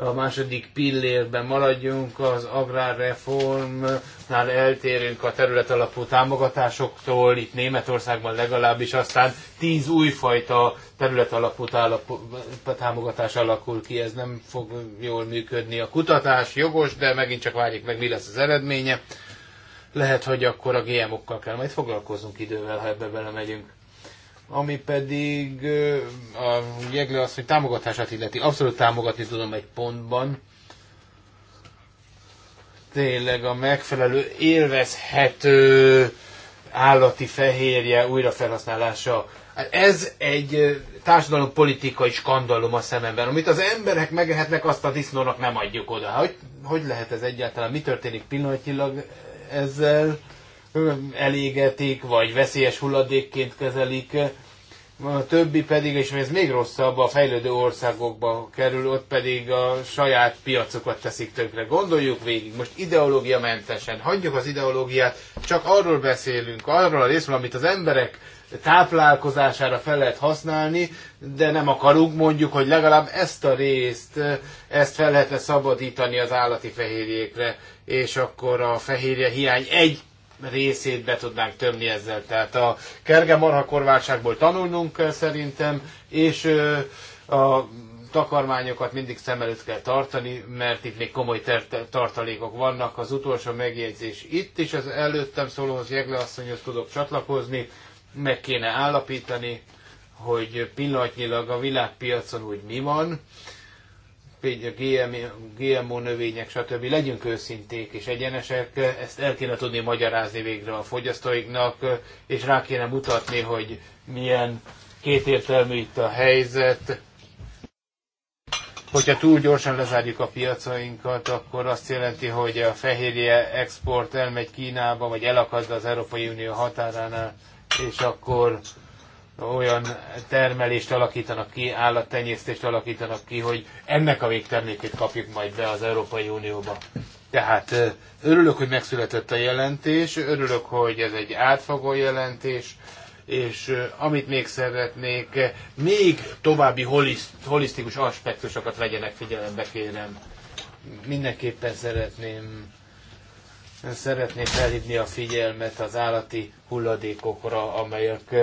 a második pillérben maradjunk, az agrárreformnál eltérünk a terület alapú támogatásoktól, itt Németországban legalábbis, aztán tíz újfajta terület alapú támogatás alakul ki, ez nem fog jól működni. A kutatás jogos, de megint csak várjuk meg, mi lesz az eredménye. Lehet, hogy akkor a GM-okkal kell majd foglalkozunk idővel, ha ebbe belemegyünk ami pedig a Jegle azt, hogy támogatását illeti. Abszolút támogatni tudom egy pontban. Tényleg a megfelelő, élvezhető állati fehérje újrafelhasználása. Hát ez egy politikai skandalom a szememben. Amit az emberek megehetnek, azt a disznónak nem adjuk oda. Hogy, hogy lehet ez egyáltalán? Mi történik pillanatilag ezzel? elégetik, vagy veszélyes hulladékként kezelik. A többi pedig, és ez még rosszabb, a fejlődő országokba kerül, ott pedig a saját piacokat teszik tönkre. Gondoljuk végig, most ideológia mentesen, hagyjuk az ideológiát, csak arról beszélünk, arról a részről, amit az emberek táplálkozására fel lehet használni, de nem akarunk mondjuk, hogy legalább ezt a részt, ezt fel lehetne szabadítani az állati fehérjékre, és akkor a fehérje hiány egy részét be tudnánk tömni ezzel. Tehát a kerge marhakorválságból tanulnunk kell szerintem, és a takarmányokat mindig szem előtt kell tartani, mert itt még komoly tartalékok vannak. Az utolsó megjegyzés itt is, az előttem szólóhoz, Jegle asszonyhoz tudok csatlakozni, meg kéne állapítani, hogy pillanatnyilag a világpiacon úgy mi van, GMO növények, stb. Legyünk őszinték és egyenesek, ezt el kéne tudni magyarázni végre a fogyasztóiknak, és rá kéne mutatni, hogy milyen kétértelmű itt a helyzet. Hogyha túl gyorsan lezárjuk a piacainkat, akkor azt jelenti, hogy a fehérje export elmegy Kínába, vagy elakad az Európai Unió határánál, és akkor olyan termelést alakítanak ki, állattenyésztést alakítanak ki, hogy ennek a végtermékét kapjuk majd be az Európai Unióba. Tehát örülök, hogy megszületett a jelentés, örülök, hogy ez egy átfogó jelentés, és amit még szeretnék, még további holiszt, holisztikus aspektusokat legyenek figyelembe, kérem. Mindenképpen szeretném szeretném felhívni a figyelmet az állati hulladékokra, amelyek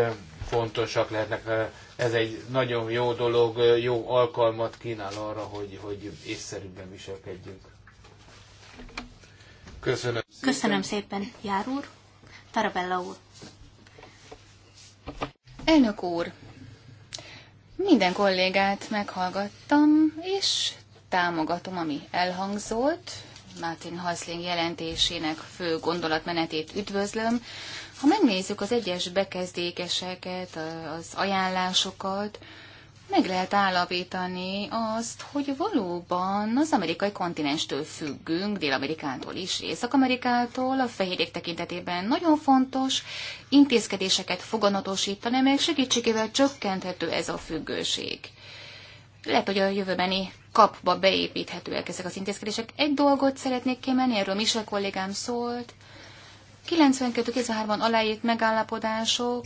fontosak lehetnek. Ez egy nagyon jó dolog, jó alkalmat kínál arra, hogy, hogy észszerűbben viselkedjünk. Köszönöm szépen. Köszönöm szépen, Jár úr. Tarabella úr. Elnök úr, minden kollégát meghallgattam, és támogatom, ami elhangzott. Martin Hasling jelentésének fő gondolatmenetét üdvözlöm. Ha megnézzük az egyes bekezdékeseket, az ajánlásokat, meg lehet állapítani azt, hogy valóban az amerikai kontinenstől függünk, Dél-Amerikától is, Észak-Amerikától, a fehérjék tekintetében nagyon fontos intézkedéseket foganatosítani, meg segítségével csökkenthető ez a függőség. Lehet, hogy a jövőbeni kapba beépíthetőek ezek az intézkedések. Egy dolgot szeretnék kiemelni, erről Mise kollégám szólt, 92 ban aláírt megállapodások,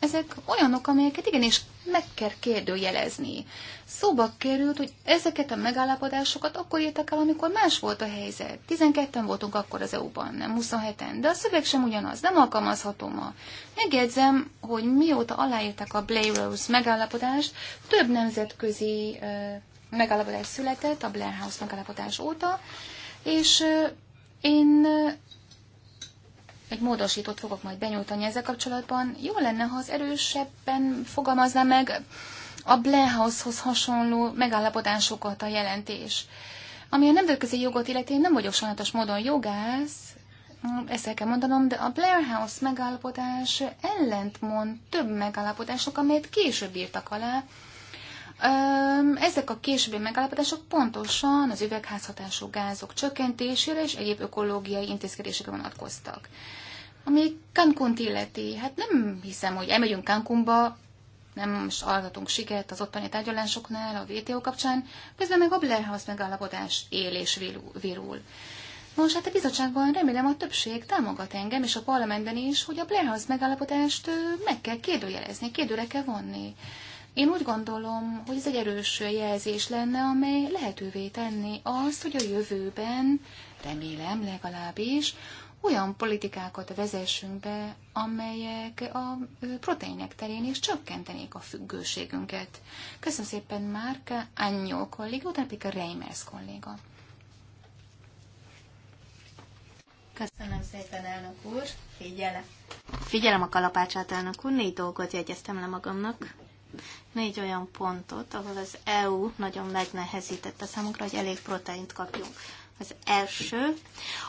ezek olyanok, amelyeket igenis meg kell kérdőjelezni. Szóba került, hogy ezeket a megállapodásokat akkor írtak el, amikor más volt a helyzet. 12-en voltunk akkor az EU-ban, nem 27-en, de a szöveg sem ugyanaz, nem alkalmazható ma. Megjegyzem, hogy mióta aláírták a Blair-Rose megállapodást, több nemzetközi megállapodás született, a Blair House megállapodás óta, és én egy módosítót fogok majd benyújtani ezzel kapcsolatban. Jó lenne, ha az erősebben fogalmazná meg a Blehousehoz hasonló megállapodásokat a jelentés. Ami a nemzetközi jogot illeti, én nem vagyok sajnálatos módon jogász, ezt el kell mondanom, de a Blair House megállapodás ellentmond több megállapodások, amelyet később írtak alá, ezek a későbbi megállapodások pontosan az üvegházhatású gázok csökkentésére és egyéb ökológiai intézkedésekre vonatkoztak. Ami Cancún illeti, hát nem hiszem, hogy elmegyünk Cancúnba, nem most algatunk siket az ottani tárgyalásoknál a WTO kapcsán, közben meg a Blair House megállapodás él és virul. Nos, hát a bizottságban remélem a többség támogat engem, és a parlamentben is, hogy a Blair House megállapodást meg kell kérdőjelezni, kérdőre kell vonni. Én úgy gondolom, hogy ez egy erős jelzés lenne, amely lehetővé tenni azt, hogy a jövőben, remélem legalábbis, olyan politikákat vezessünk be, amelyek a proteinek terén is csökkentenék a függőségünket. Köszönöm szépen Márka Annyó kolléga, utána pedig a Reimers kolléga. Köszönöm szépen, elnök úr. Figyelem. Figyelem a kalapácsát, elnök úr. Négy dolgot jegyeztem le magamnak négy olyan pontot, ahol az EU nagyon megnehezítette számunkra, hogy elég proteint kapjunk. Az első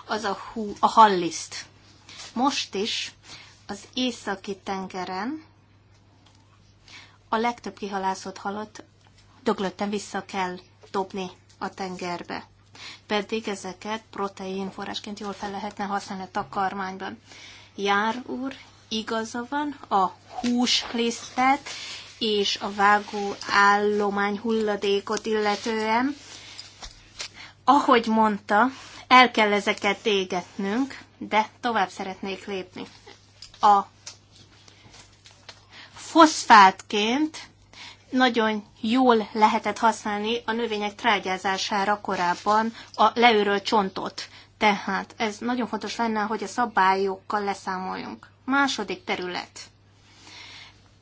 az a, hú, a halliszt. Most is az északi tengeren a legtöbb kihalászott halat döglötten vissza kell dobni a tengerbe. Pedig ezeket forrásként jól fel lehetne használni a takarmányban. Jár úr, igaza van, a húslisztet és a vágó állomány hulladékot illetően. Ahogy mondta, el kell ezeket égetnünk, de tovább szeretnék lépni. A foszfátként nagyon jól lehetett használni a növények trágyázására korábban a leőrölt csontot. Tehát ez nagyon fontos lenne, hogy a szabályokkal leszámoljunk. Második terület.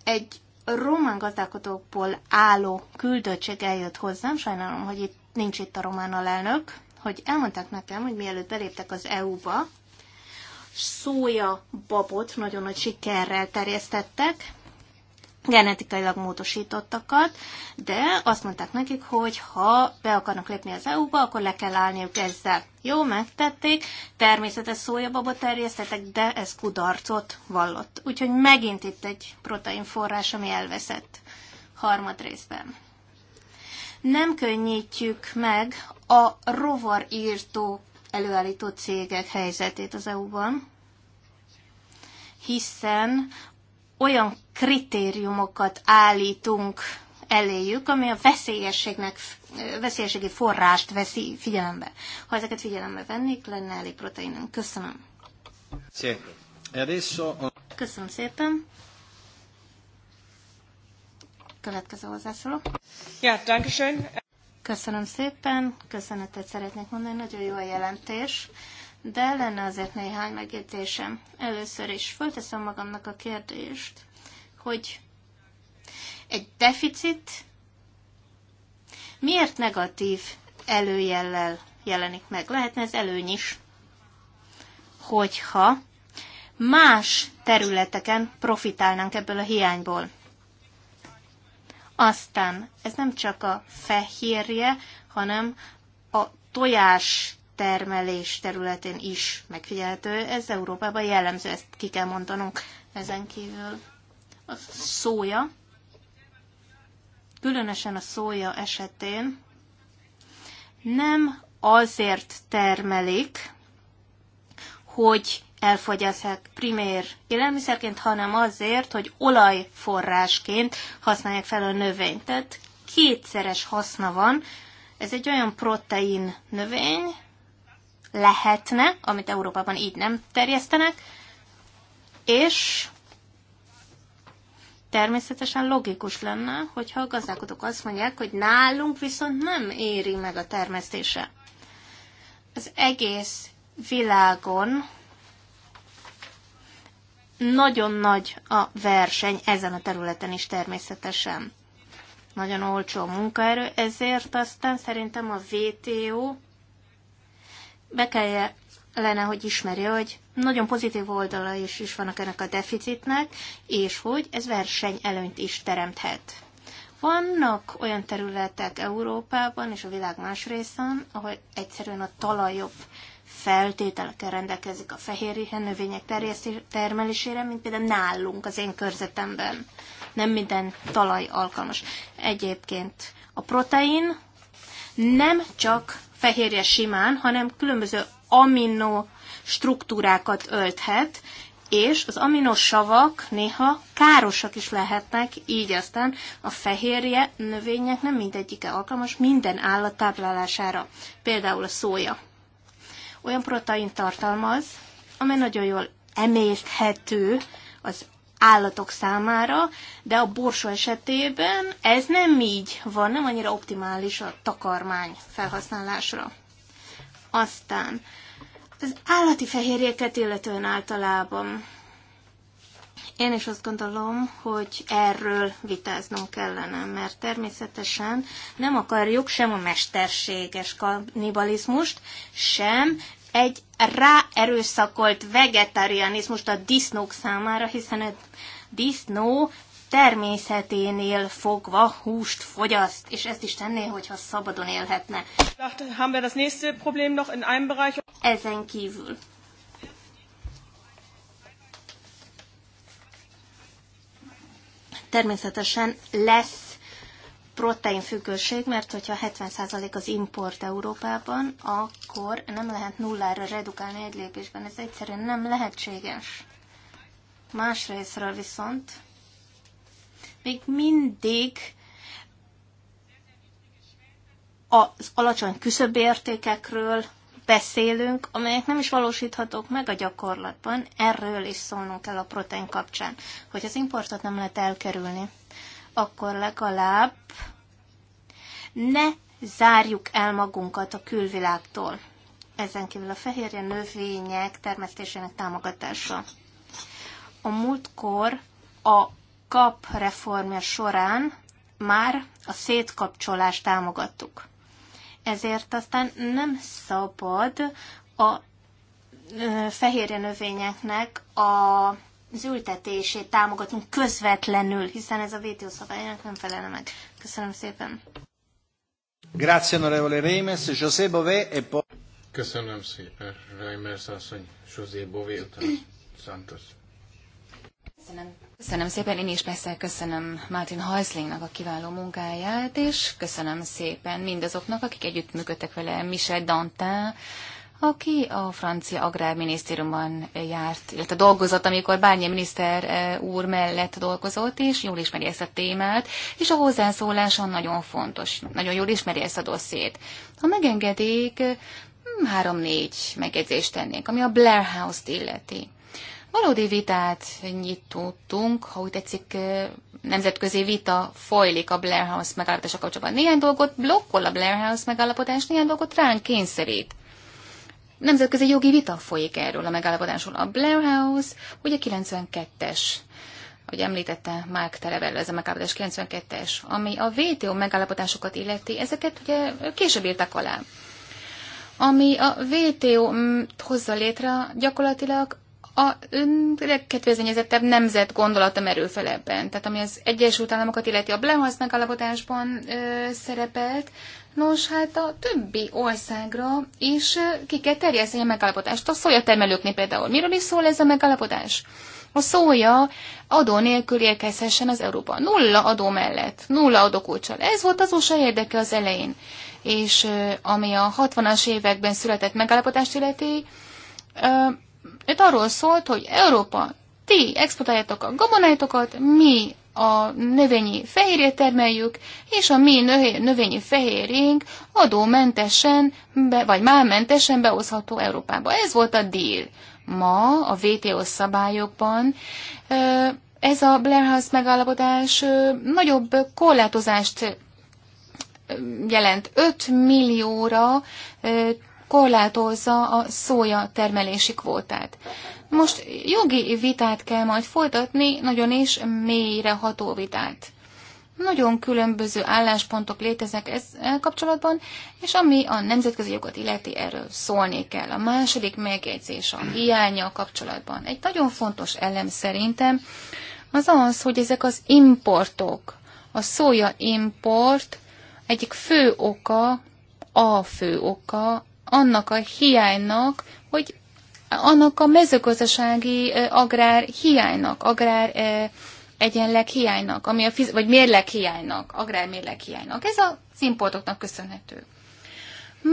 Egy román gazdálkodókból álló küldöttség eljött hozzám, sajnálom, hogy itt nincs itt a román alelnök, hogy elmondták nekem, hogy mielőtt beléptek az EU-ba, szója babot nagyon nagy sikerrel terjesztettek, genetikailag módosítottakat, de azt mondták nekik, hogy ha be akarnak lépni az EU-ba, akkor le kell állniuk ezzel. Jó, megtették, természetes szójababot terjesztettek, de ez kudarcot vallott. Úgyhogy megint itt egy proteinforrás, ami elveszett harmad részben. Nem könnyítjük meg a rovarírtó előállító cégek helyzetét az EU-ban, hiszen olyan kritériumokat állítunk eléjük, ami a veszélyességnek, veszélyességi forrást veszi figyelembe. Ha ezeket figyelembe vennék, lenne elég proteinünk. Köszönöm. Köszönöm szépen. Következő hozzászóló. Ja, Köszönöm szépen, köszönetet szeretnék mondani, nagyon jó a jelentés de lenne azért néhány megjegyzésem. Először is fölteszem magamnak a kérdést, hogy egy deficit miért negatív előjellel jelenik meg? Lehetne ez előny is, hogyha más területeken profitálnánk ebből a hiányból. Aztán ez nem csak a fehérje, hanem a tojás termelés területén is megfigyelhető. Ez Európában jellemző, ezt ki kell mondanunk ezen kívül. A szója, különösen a szója esetén nem azért termelik, hogy elfogyasszák primér élelmiszerként, hanem azért, hogy olajforrásként használják fel a növényt. Tehát kétszeres haszna van. Ez egy olyan protein növény, lehetne, amit Európában így nem terjesztenek, és természetesen logikus lenne, hogyha a gazdálkodók azt mondják, hogy nálunk viszont nem éri meg a termesztése. Az egész világon nagyon nagy a verseny ezen a területen is természetesen. Nagyon olcsó a munkaerő, ezért aztán szerintem a VTO be kell lenne, hogy ismerje, hogy nagyon pozitív oldala is, is vannak ennek a deficitnek, és hogy ez versenyelőnyt is teremthet. Vannak olyan területek Európában és a világ más részén, ahol egyszerűen a talaj jobb feltételekkel rendelkezik a fehér növények termelésére, mint például nálunk az én körzetemben. Nem minden talaj alkalmas. Egyébként a protein nem csak fehérje simán, hanem különböző amino struktúrákat ölthet, és az aminosavak néha károsak is lehetnek, így aztán a fehérje növények nem mindegyike alkalmas minden állat táplálására, például a szója. Olyan protein tartalmaz, amely nagyon jól emészthető az állatok számára, de a borsó esetében ez nem így van, nem annyira optimális a takarmány felhasználásra. Aztán az állati fehérjéket illetően általában én is azt gondolom, hogy erről vitáznom kellene, mert természetesen nem akarjuk sem a mesterséges kannibalizmust, sem egy ráerőszakolt vegetarianizmust a disznók számára, hiszen a disznó természeténél fogva húst fogyaszt, és ezt is tenné, hogyha szabadon élhetne. Ezen kívül. Természetesen lesz függőség, mert hogyha 70% az import Európában, akkor nem lehet nullára redukálni egy lépésben. Ez egyszerűen nem lehetséges. Másrésztről viszont még mindig az alacsony küszöbértékekről beszélünk, amelyek nem is valósíthatók meg a gyakorlatban. Erről is szólnunk kell a protein kapcsán, hogy az importot nem lehet elkerülni akkor legalább ne zárjuk el magunkat a külvilágtól. Ezen kívül a fehérje növények termesztésének támogatása. A múltkor a kap reformja során már a szétkapcsolást támogattuk. Ezért aztán nem szabad a fehérje növényeknek a az ültetését támogatunk közvetlenül, hiszen ez a WTO szabályának nem felelne meg. Köszönöm szépen. Grazie, onorevole Reimers, José Bové, e poi... Köszönöm szépen, Reimers asszony, José Bové, után Santos. Köszönöm. Köszönöm szépen, én is persze köszönöm Martin Heislingnak a kiváló munkáját, és köszönöm szépen mindazoknak, akik együttműködtek vele, Michel Dantin, aki a francia agrárminisztériumban járt, illetve dolgozott, amikor Bárnyi miniszter eh, úr mellett dolgozott, és jól ismeri ezt a témát, és a hozzászólása nagyon fontos, nagyon jól ismeri ezt a dossziét. Ha megengedik, mm, három-négy megjegyzést tennék, ami a Blair House-t illeti. Valódi vitát nyitottunk, ha úgy tetszik, eh, nemzetközi vita folylik a Blair House megállapodása kapcsolatban. Néhány dolgot blokkol a Blair House megállapodás, néhány dolgot ránk kényszerít nemzetközi jogi vita folyik erről a megállapodásról. A Blair House ugye 92-es ahogy említette Mark Terevel, ez a megállapodás 92-es, ami a WTO megállapodásokat illeti, ezeket ugye később írtak alá. Ami a WTO mm, hozza létre gyakorlatilag a legkedvezményezettebb nemzet gondolata merül fel ebben. Tehát ami az Egyesült Államokat illeti a Blehaz megállapodásban ö, szerepelt, Nos, hát a többi országra is ki kell terjeszteni a megállapodást. A szója termelőknél például. Miről is szól ez a megállapodás? A szója adó nélkül érkezhessen az Európa. Nulla adó mellett, nulla adókulcsal. Ez volt az USA érdeke az elején. És ami a 60-as években született megállapodást illeti, ez arról szólt, hogy Európa, ti exportáljátok a gabonáitokat, mi a növényi fehérjét termeljük, és a mi növényi fehérjénk adómentesen, be, vagy mámentesen behozható Európába. Ez volt a deal. Ma a WTO szabályokban ez a Blair House megállapodás nagyobb korlátozást jelent. 5 millióra korlátozza a szója termelési kvótát. Most jogi vitát kell majd folytatni, nagyon is mélyre ható vitát. Nagyon különböző álláspontok léteznek ezzel kapcsolatban, és ami a nemzetközi jogot illeti, erről szólni kell. A második megjegyzés a hiánya kapcsolatban. Egy nagyon fontos elem szerintem az az, hogy ezek az importok, a szója import egyik fő oka, a fő oka annak a hiánynak, hogy annak a mezőgazdasági agrár hiánynak, agrár egyenleg hiánynak, ami a fiz- vagy mérleg hiánynak, agrár mérleg hiánynak. Ez a importoknak köszönhető.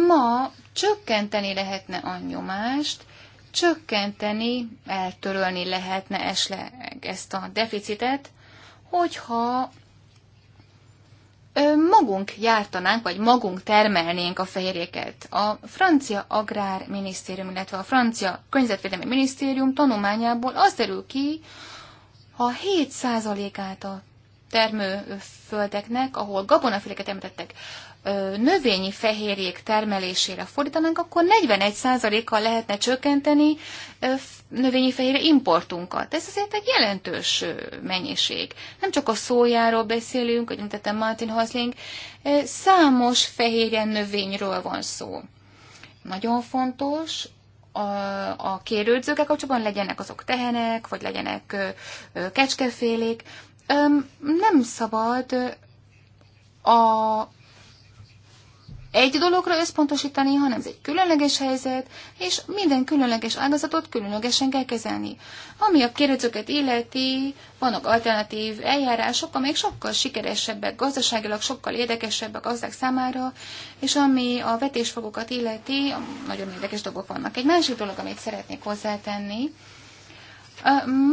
Ma csökkenteni lehetne a nyomást, csökkenteni, eltörölni lehetne esleg ezt a deficitet, hogyha magunk gyártanánk, vagy magunk termelnénk a fehérjéket. A francia agrárminisztérium, illetve a francia környezetvédelmi minisztérium tanulmányából az derül ki, ha 7%-át a termőföldeknek, ahol gabonaféleket említettek, növényi fehérjék termelésére fordítanánk, akkor 41%-kal lehetne csökkenteni növényi fehérje importunkat. Ez azért egy jelentős mennyiség. Nem csak a szójáról beszélünk, hogy említettem Martin Hosling, számos fehérje növényről van szó. Nagyon fontos, a, a kérődzőkkel kapcsolatban legyenek azok tehenek, vagy legyenek kecskefélék. Nem szabad a egy dologra összpontosítani, hanem ez egy különleges helyzet, és minden különleges ágazatot különlegesen kell kezelni. Ami a kérdőket illeti, vannak alternatív eljárások, amelyek sokkal sikeresebbek, gazdaságilag sokkal érdekesebbek gazdák számára, és ami a vetésfogokat illeti, nagyon érdekes dolgok vannak. Egy másik dolog, amit szeretnék hozzátenni,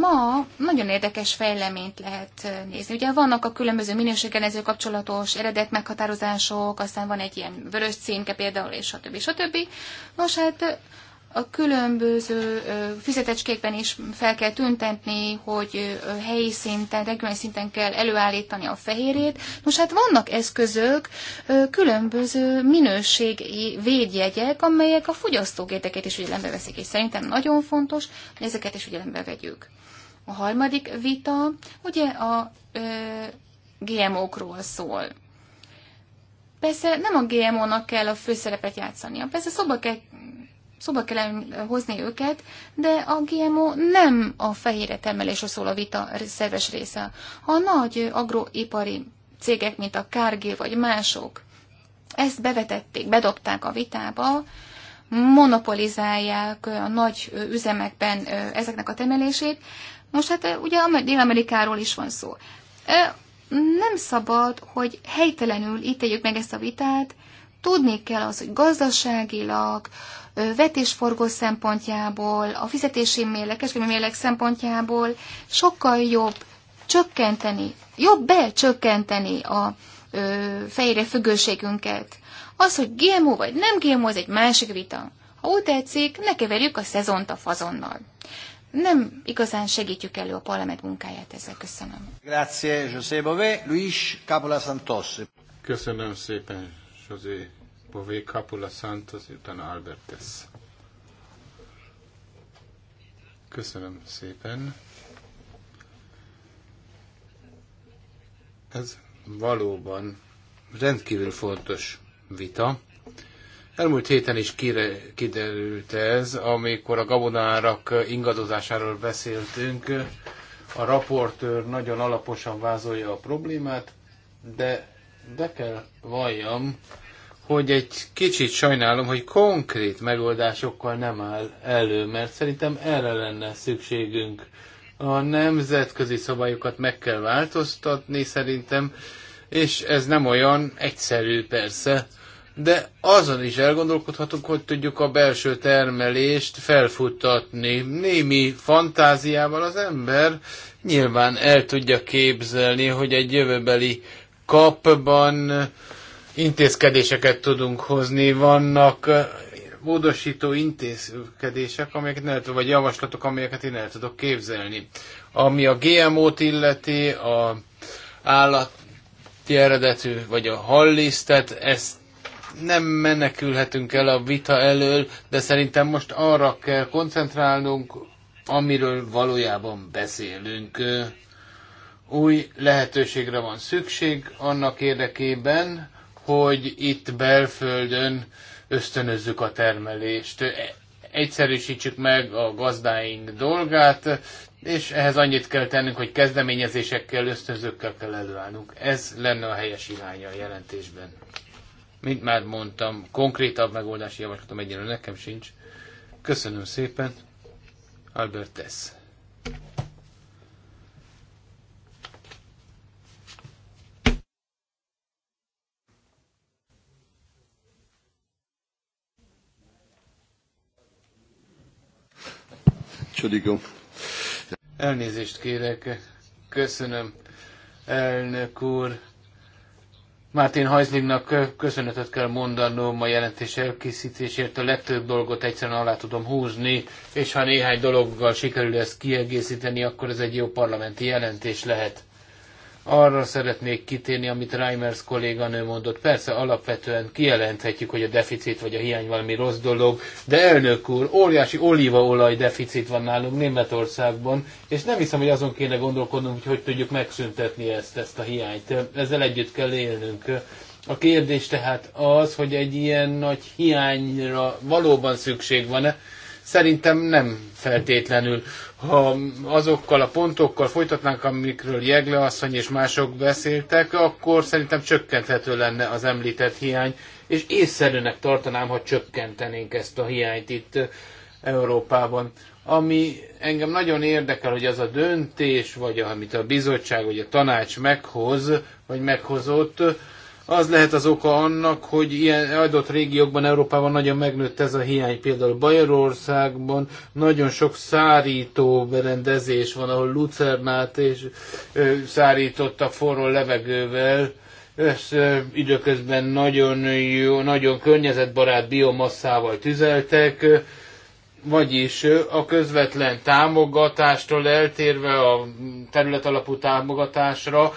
Ma nagyon érdekes fejleményt lehet nézni. Ugye vannak a különböző minőséggel ezzel kapcsolatos eredet meghatározások, aztán van egy ilyen vörös címke például, és stb. stb. Nos, hát a különböző fizetecskékben is fel kell tüntetni, hogy helyi szinten, regionális szinten kell előállítani a fehérét. Nos, hát vannak eszközök, különböző minőségi védjegyek, amelyek a fogyasztók érdeket is ügyelembe veszik, és szerintem nagyon fontos, hogy ezeket is ügyelembe vegyük. A harmadik vita ugye a GMO-król szól. Persze nem a GMO-nak kell a főszerepet játszania. Persze szóba kell szóba kell hozni őket, de a GMO nem a fehére termelésről szól a vita szerves része. Ha nagy agroipari cégek, mint a Cargill vagy mások, ezt bevetették, bedobták a vitába, monopolizálják a nagy üzemekben ezeknek a temelését. Most hát ugye Dél-Amerikáról is van szó. Nem szabad, hogy helytelenül itt meg ezt a vitát, tudni kell az, hogy gazdaságilag, vetésforgó szempontjából, a fizetési mérleg, kereskedelmi mérleg szempontjából sokkal jobb csökkenteni, jobb becsökkenteni a fejre függőségünket. Az, hogy GMO vagy nem GMO, az egy másik vita. Ha úgy tetszik, ne keverjük a szezont a fazonnal. Nem igazán segítjük elő a parlament munkáját ezzel. Köszönöm. Grazie, José Bové. Luis Capola Santos. Köszönöm szépen, José Bové Kapula Santos, utána Albertes. Köszönöm szépen. Ez valóban rendkívül fontos vita. Elmúlt héten is kire, kiderült ez, amikor a gabonárak ingadozásáról beszéltünk. A raportőr nagyon alaposan vázolja a problémát, de be kell valljam, hogy egy kicsit sajnálom, hogy konkrét megoldásokkal nem áll elő, mert szerintem erre lenne szükségünk. A nemzetközi szabályokat meg kell változtatni szerintem, és ez nem olyan egyszerű persze, de azon is elgondolkodhatunk, hogy tudjuk a belső termelést felfuttatni. Némi fantáziával az ember nyilván el tudja képzelni, hogy egy jövőbeli kapban intézkedéseket tudunk hozni. Vannak módosító intézkedések, amelyeket tudok, vagy javaslatok, amelyeket én el tudok képzelni. Ami a GMO-t illeti, a állati eredetű, vagy a hallisztet, ezt nem menekülhetünk el a vita elől, de szerintem most arra kell koncentrálnunk, amiről valójában beszélünk. Új lehetőségre van szükség annak érdekében, hogy itt belföldön ösztönözzük a termelést. Egyszerűsítsük meg a gazdáink dolgát, és ehhez annyit kell tennünk, hogy kezdeményezésekkel, ösztönzőkkel kell előállnunk. Ez lenne a helyes iránya a jelentésben. Mint már mondtam, konkrétabb megoldási javaslatom egyenlő nekem sincs. Köszönöm szépen. Albert Tess. Elnézést kérek. Köszönöm, elnök úr. Mártin Hajzlingnak köszönetet kell mondanom a jelentés elkészítésért. A legtöbb dolgot egyszerűen alá tudom húzni, és ha néhány dologgal sikerül ezt kiegészíteni, akkor ez egy jó parlamenti jelentés lehet arra szeretnék kitérni, amit Reimers kolléganő mondott. Persze alapvetően kijelenthetjük, hogy a deficit vagy a hiány valami rossz dolog, de elnök úr, óriási olívaolaj deficit van nálunk Németországban, és nem hiszem, hogy azon kéne gondolkodnunk, hogy hogy tudjuk megszüntetni ezt, ezt a hiányt. Ezzel együtt kell élnünk. A kérdés tehát az, hogy egy ilyen nagy hiányra valóban szükség van-e, Szerintem nem feltétlenül. Ha azokkal a pontokkal folytatnánk, amikről Jegle asszony és mások beszéltek, akkor szerintem csökkenthető lenne az említett hiány, és észszerűnek tartanám, ha csökkentenénk ezt a hiányt itt Európában. Ami engem nagyon érdekel, hogy az a döntés, vagy amit a bizottság, vagy a tanács meghoz, vagy meghozott, az lehet az oka annak, hogy ilyen adott régiókban, Európában nagyon megnőtt ez a hiány. Például Bajorországban nagyon sok szárító berendezés van, ahol lucernát és ö, a forró levegővel, Ez ö, időközben nagyon jó, nagyon környezetbarát biomasszával tüzeltek, vagyis a közvetlen támogatástól eltérve a terület alapú támogatásra,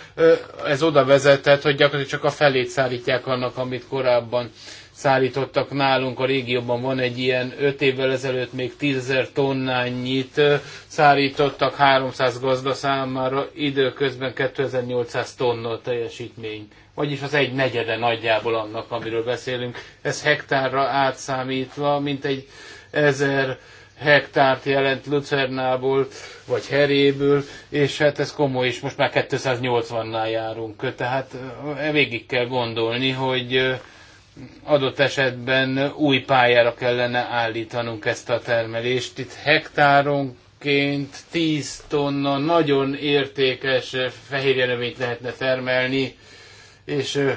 ez oda vezetett, hogy gyakorlatilag csak a felét szállítják annak, amit korábban szállítottak nálunk a régióban. Van egy ilyen 5 évvel ezelőtt még 10 tonnányit szállítottak 300 gazda számára, időközben 2800 tonna teljesítmény. Vagyis az egy negyede nagyjából annak, amiről beszélünk. Ez hektárra átszámítva, mint egy ezer hektárt jelent Lucernából, vagy Heréből, és hát ez komoly, és most már 280-nál járunk. Tehát eh, végig kell gondolni, hogy eh, adott esetben új pályára kellene állítanunk ezt a termelést. Itt hektáronként 10 tonna nagyon értékes eh, fehérje lehetne termelni, és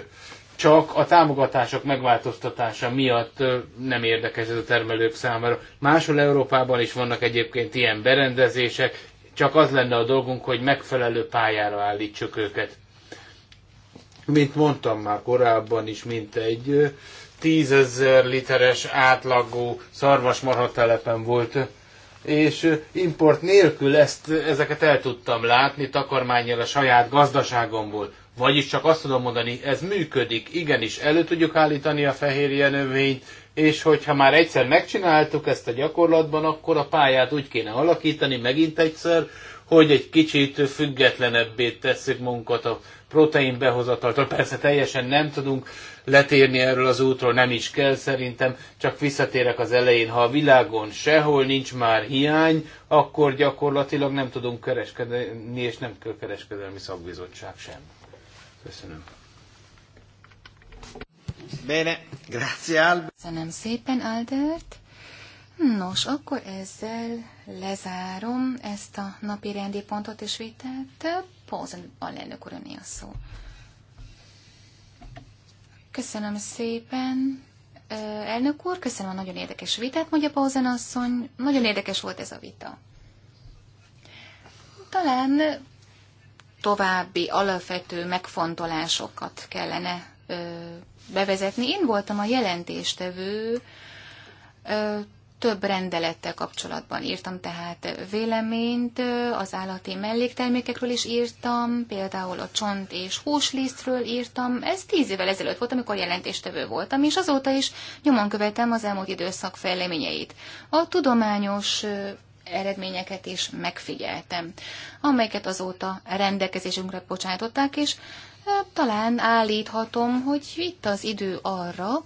csak a támogatások megváltoztatása miatt nem érdekes ez a termelők számára. Máshol Európában is vannak egyébként ilyen berendezések, csak az lenne a dolgunk, hogy megfelelő pályára állítsuk őket. Mint mondtam már korábban is, mint egy tízezer literes átlagú szarvasmarha telepen volt, és import nélkül ezt, ezeket el tudtam látni, takarmányjal a saját gazdaságomból. Vagyis csak azt tudom mondani, ez működik, igenis elő tudjuk állítani a fehérje növényt, és hogyha már egyszer megcsináltuk ezt a gyakorlatban, akkor a pályát úgy kéne alakítani megint egyszer, hogy egy kicsit függetlenebbé tesszük munkat a protein behozataltól. Persze teljesen nem tudunk letérni erről az útról, nem is kell szerintem, csak visszatérek az elején. Ha a világon sehol nincs már hiány, akkor gyakorlatilag nem tudunk kereskedni, és nem kell kereskedelmi szakbizottság sem. Köszönöm. Bene, grazie Albert. Köszönöm szépen, Albert. Nos, akkor ezzel lezárom ezt a napi rendi pontot és vitát. Pózen alelnök úr a szó. Köszönöm szépen. Elnök úr, köszönöm a nagyon érdekes vitát, mondja Pózen asszony. Nagyon érdekes volt ez a vita. Talán további alapvető megfontolásokat kellene ö, bevezetni. Én voltam a jelentéstevő ö, több rendelettel kapcsolatban. Írtam tehát véleményt, az állati melléktermékekről is írtam, például a csont és húslisztről írtam. Ez tíz évvel ezelőtt volt, amikor jelentéstevő voltam, és azóta is nyomon követem az elmúlt időszak fejleményeit. A tudományos eredményeket is megfigyeltem, amelyeket azóta rendelkezésünkre bocsátották, és e, talán állíthatom, hogy itt az idő arra,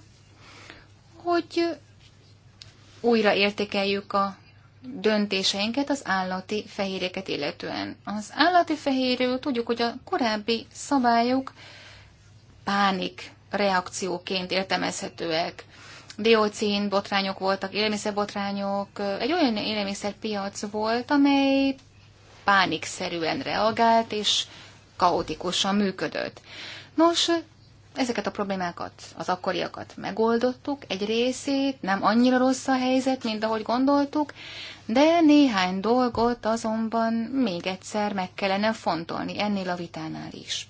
hogy újra értékeljük a döntéseinket az állati fehérjeket illetően. Az állati fehérről tudjuk, hogy a korábbi szabályok pánik reakcióként értelmezhetőek diócin botrányok voltak, élelmiszerbotrányok, egy olyan élelmiszerpiac volt, amely pánikszerűen reagált, és kaotikusan működött. Nos, ezeket a problémákat, az akkoriakat megoldottuk, egy részét, nem annyira rossz a helyzet, mint ahogy gondoltuk, de néhány dolgot azonban még egyszer meg kellene fontolni ennél a vitánál is.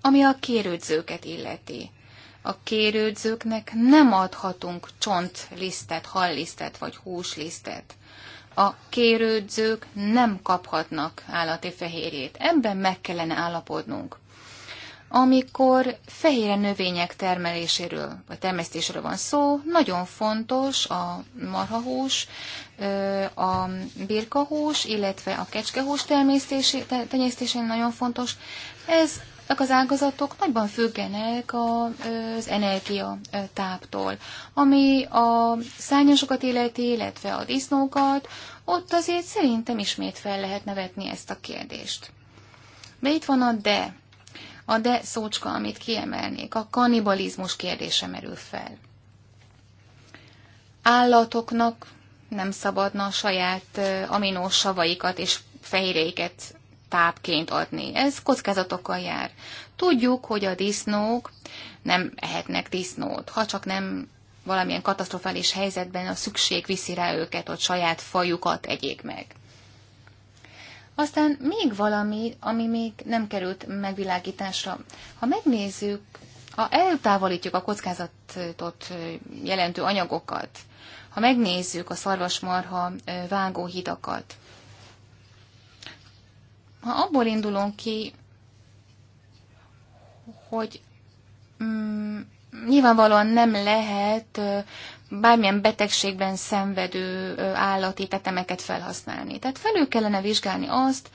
Ami a kérődzőket illeti a kérődzőknek nem adhatunk csontlisztet, hallisztet vagy húslisztet. A kérődzők nem kaphatnak állati fehérjét. Ebben meg kellene állapodnunk. Amikor fehér növények termeléséről, vagy termesztéséről van szó, nagyon fontos a marhahús, a birkahús, illetve a kecskehús termesztésén nagyon fontos. Ez az ágazatok nagyban függenek az energia táptól, ami a szányosokat illeti, illetve a disznókat, ott azért szerintem ismét fel lehet nevetni ezt a kérdést. De itt van a de. A de szócska, amit kiemelnék, a kanibalizmus kérdése merül fel. Állatoknak nem szabadna a saját aminós savaikat és fehéréket tápként adni. Ez kockázatokkal jár. Tudjuk, hogy a disznók nem ehetnek disznót, ha csak nem valamilyen katasztrofális helyzetben a szükség viszi rá őket, hogy saját fajukat egyék meg. Aztán még valami, ami még nem került megvilágításra. Ha megnézzük, ha eltávolítjuk a kockázatot jelentő anyagokat, ha megnézzük a szarvasmarha vágóhidakat, ha abból indulunk ki, hogy mm, nyilvánvalóan nem lehet bármilyen betegségben szenvedő állati tetemeket felhasználni. Tehát felül kellene vizsgálni azt,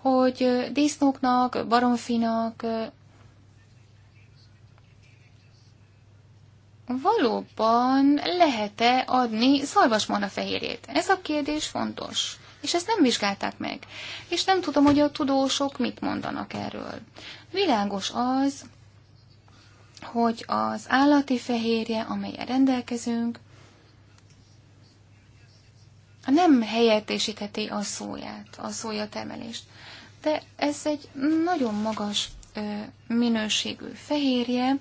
hogy disznóknak, baromfinak valóban lehet-e adni szarvasmarha fehérjét? Ez a kérdés fontos és ezt nem vizsgálták meg. És nem tudom, hogy a tudósok mit mondanak erről. Világos az, hogy az állati fehérje, amelyen rendelkezünk, nem helyettesítheti a szóját, a szója termelést. De ez egy nagyon magas minőségű fehérje,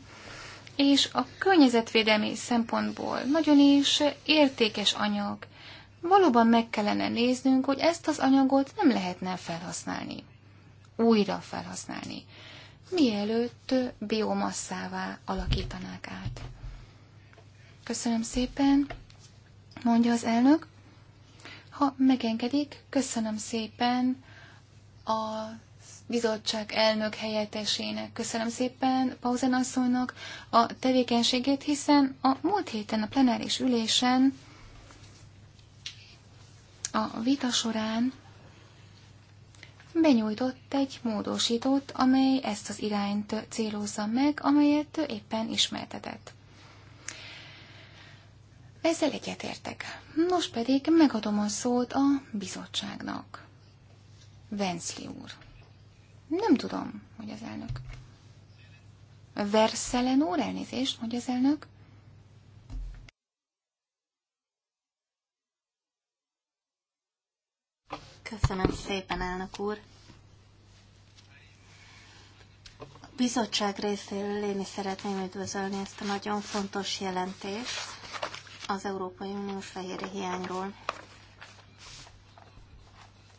és a környezetvédelmi szempontból nagyon is értékes anyag valóban meg kellene néznünk, hogy ezt az anyagot nem lehetne felhasználni, újra felhasználni, mielőtt biomasszává alakítanák át. Köszönöm szépen, mondja az elnök. Ha megengedik, köszönöm szépen a bizottság elnök helyettesének. Köszönöm szépen Pauzen asszonynak a tevékenységét, hiszen a múlt héten a plenáris ülésen a vita során benyújtott egy módosítót, amely ezt az irányt célozza meg, amelyet éppen ismertetett. Ezzel egyetértek. Nos pedig megadom a szót a bizottságnak. Venszli úr. Nem tudom, hogy az elnök. Verszelen úr, elnézést, hogy az elnök. Köszönöm szépen, elnök úr. A bizottság részéről én is szeretném üdvözölni ezt a nagyon fontos jelentést az Európai unió fehérje hiányról.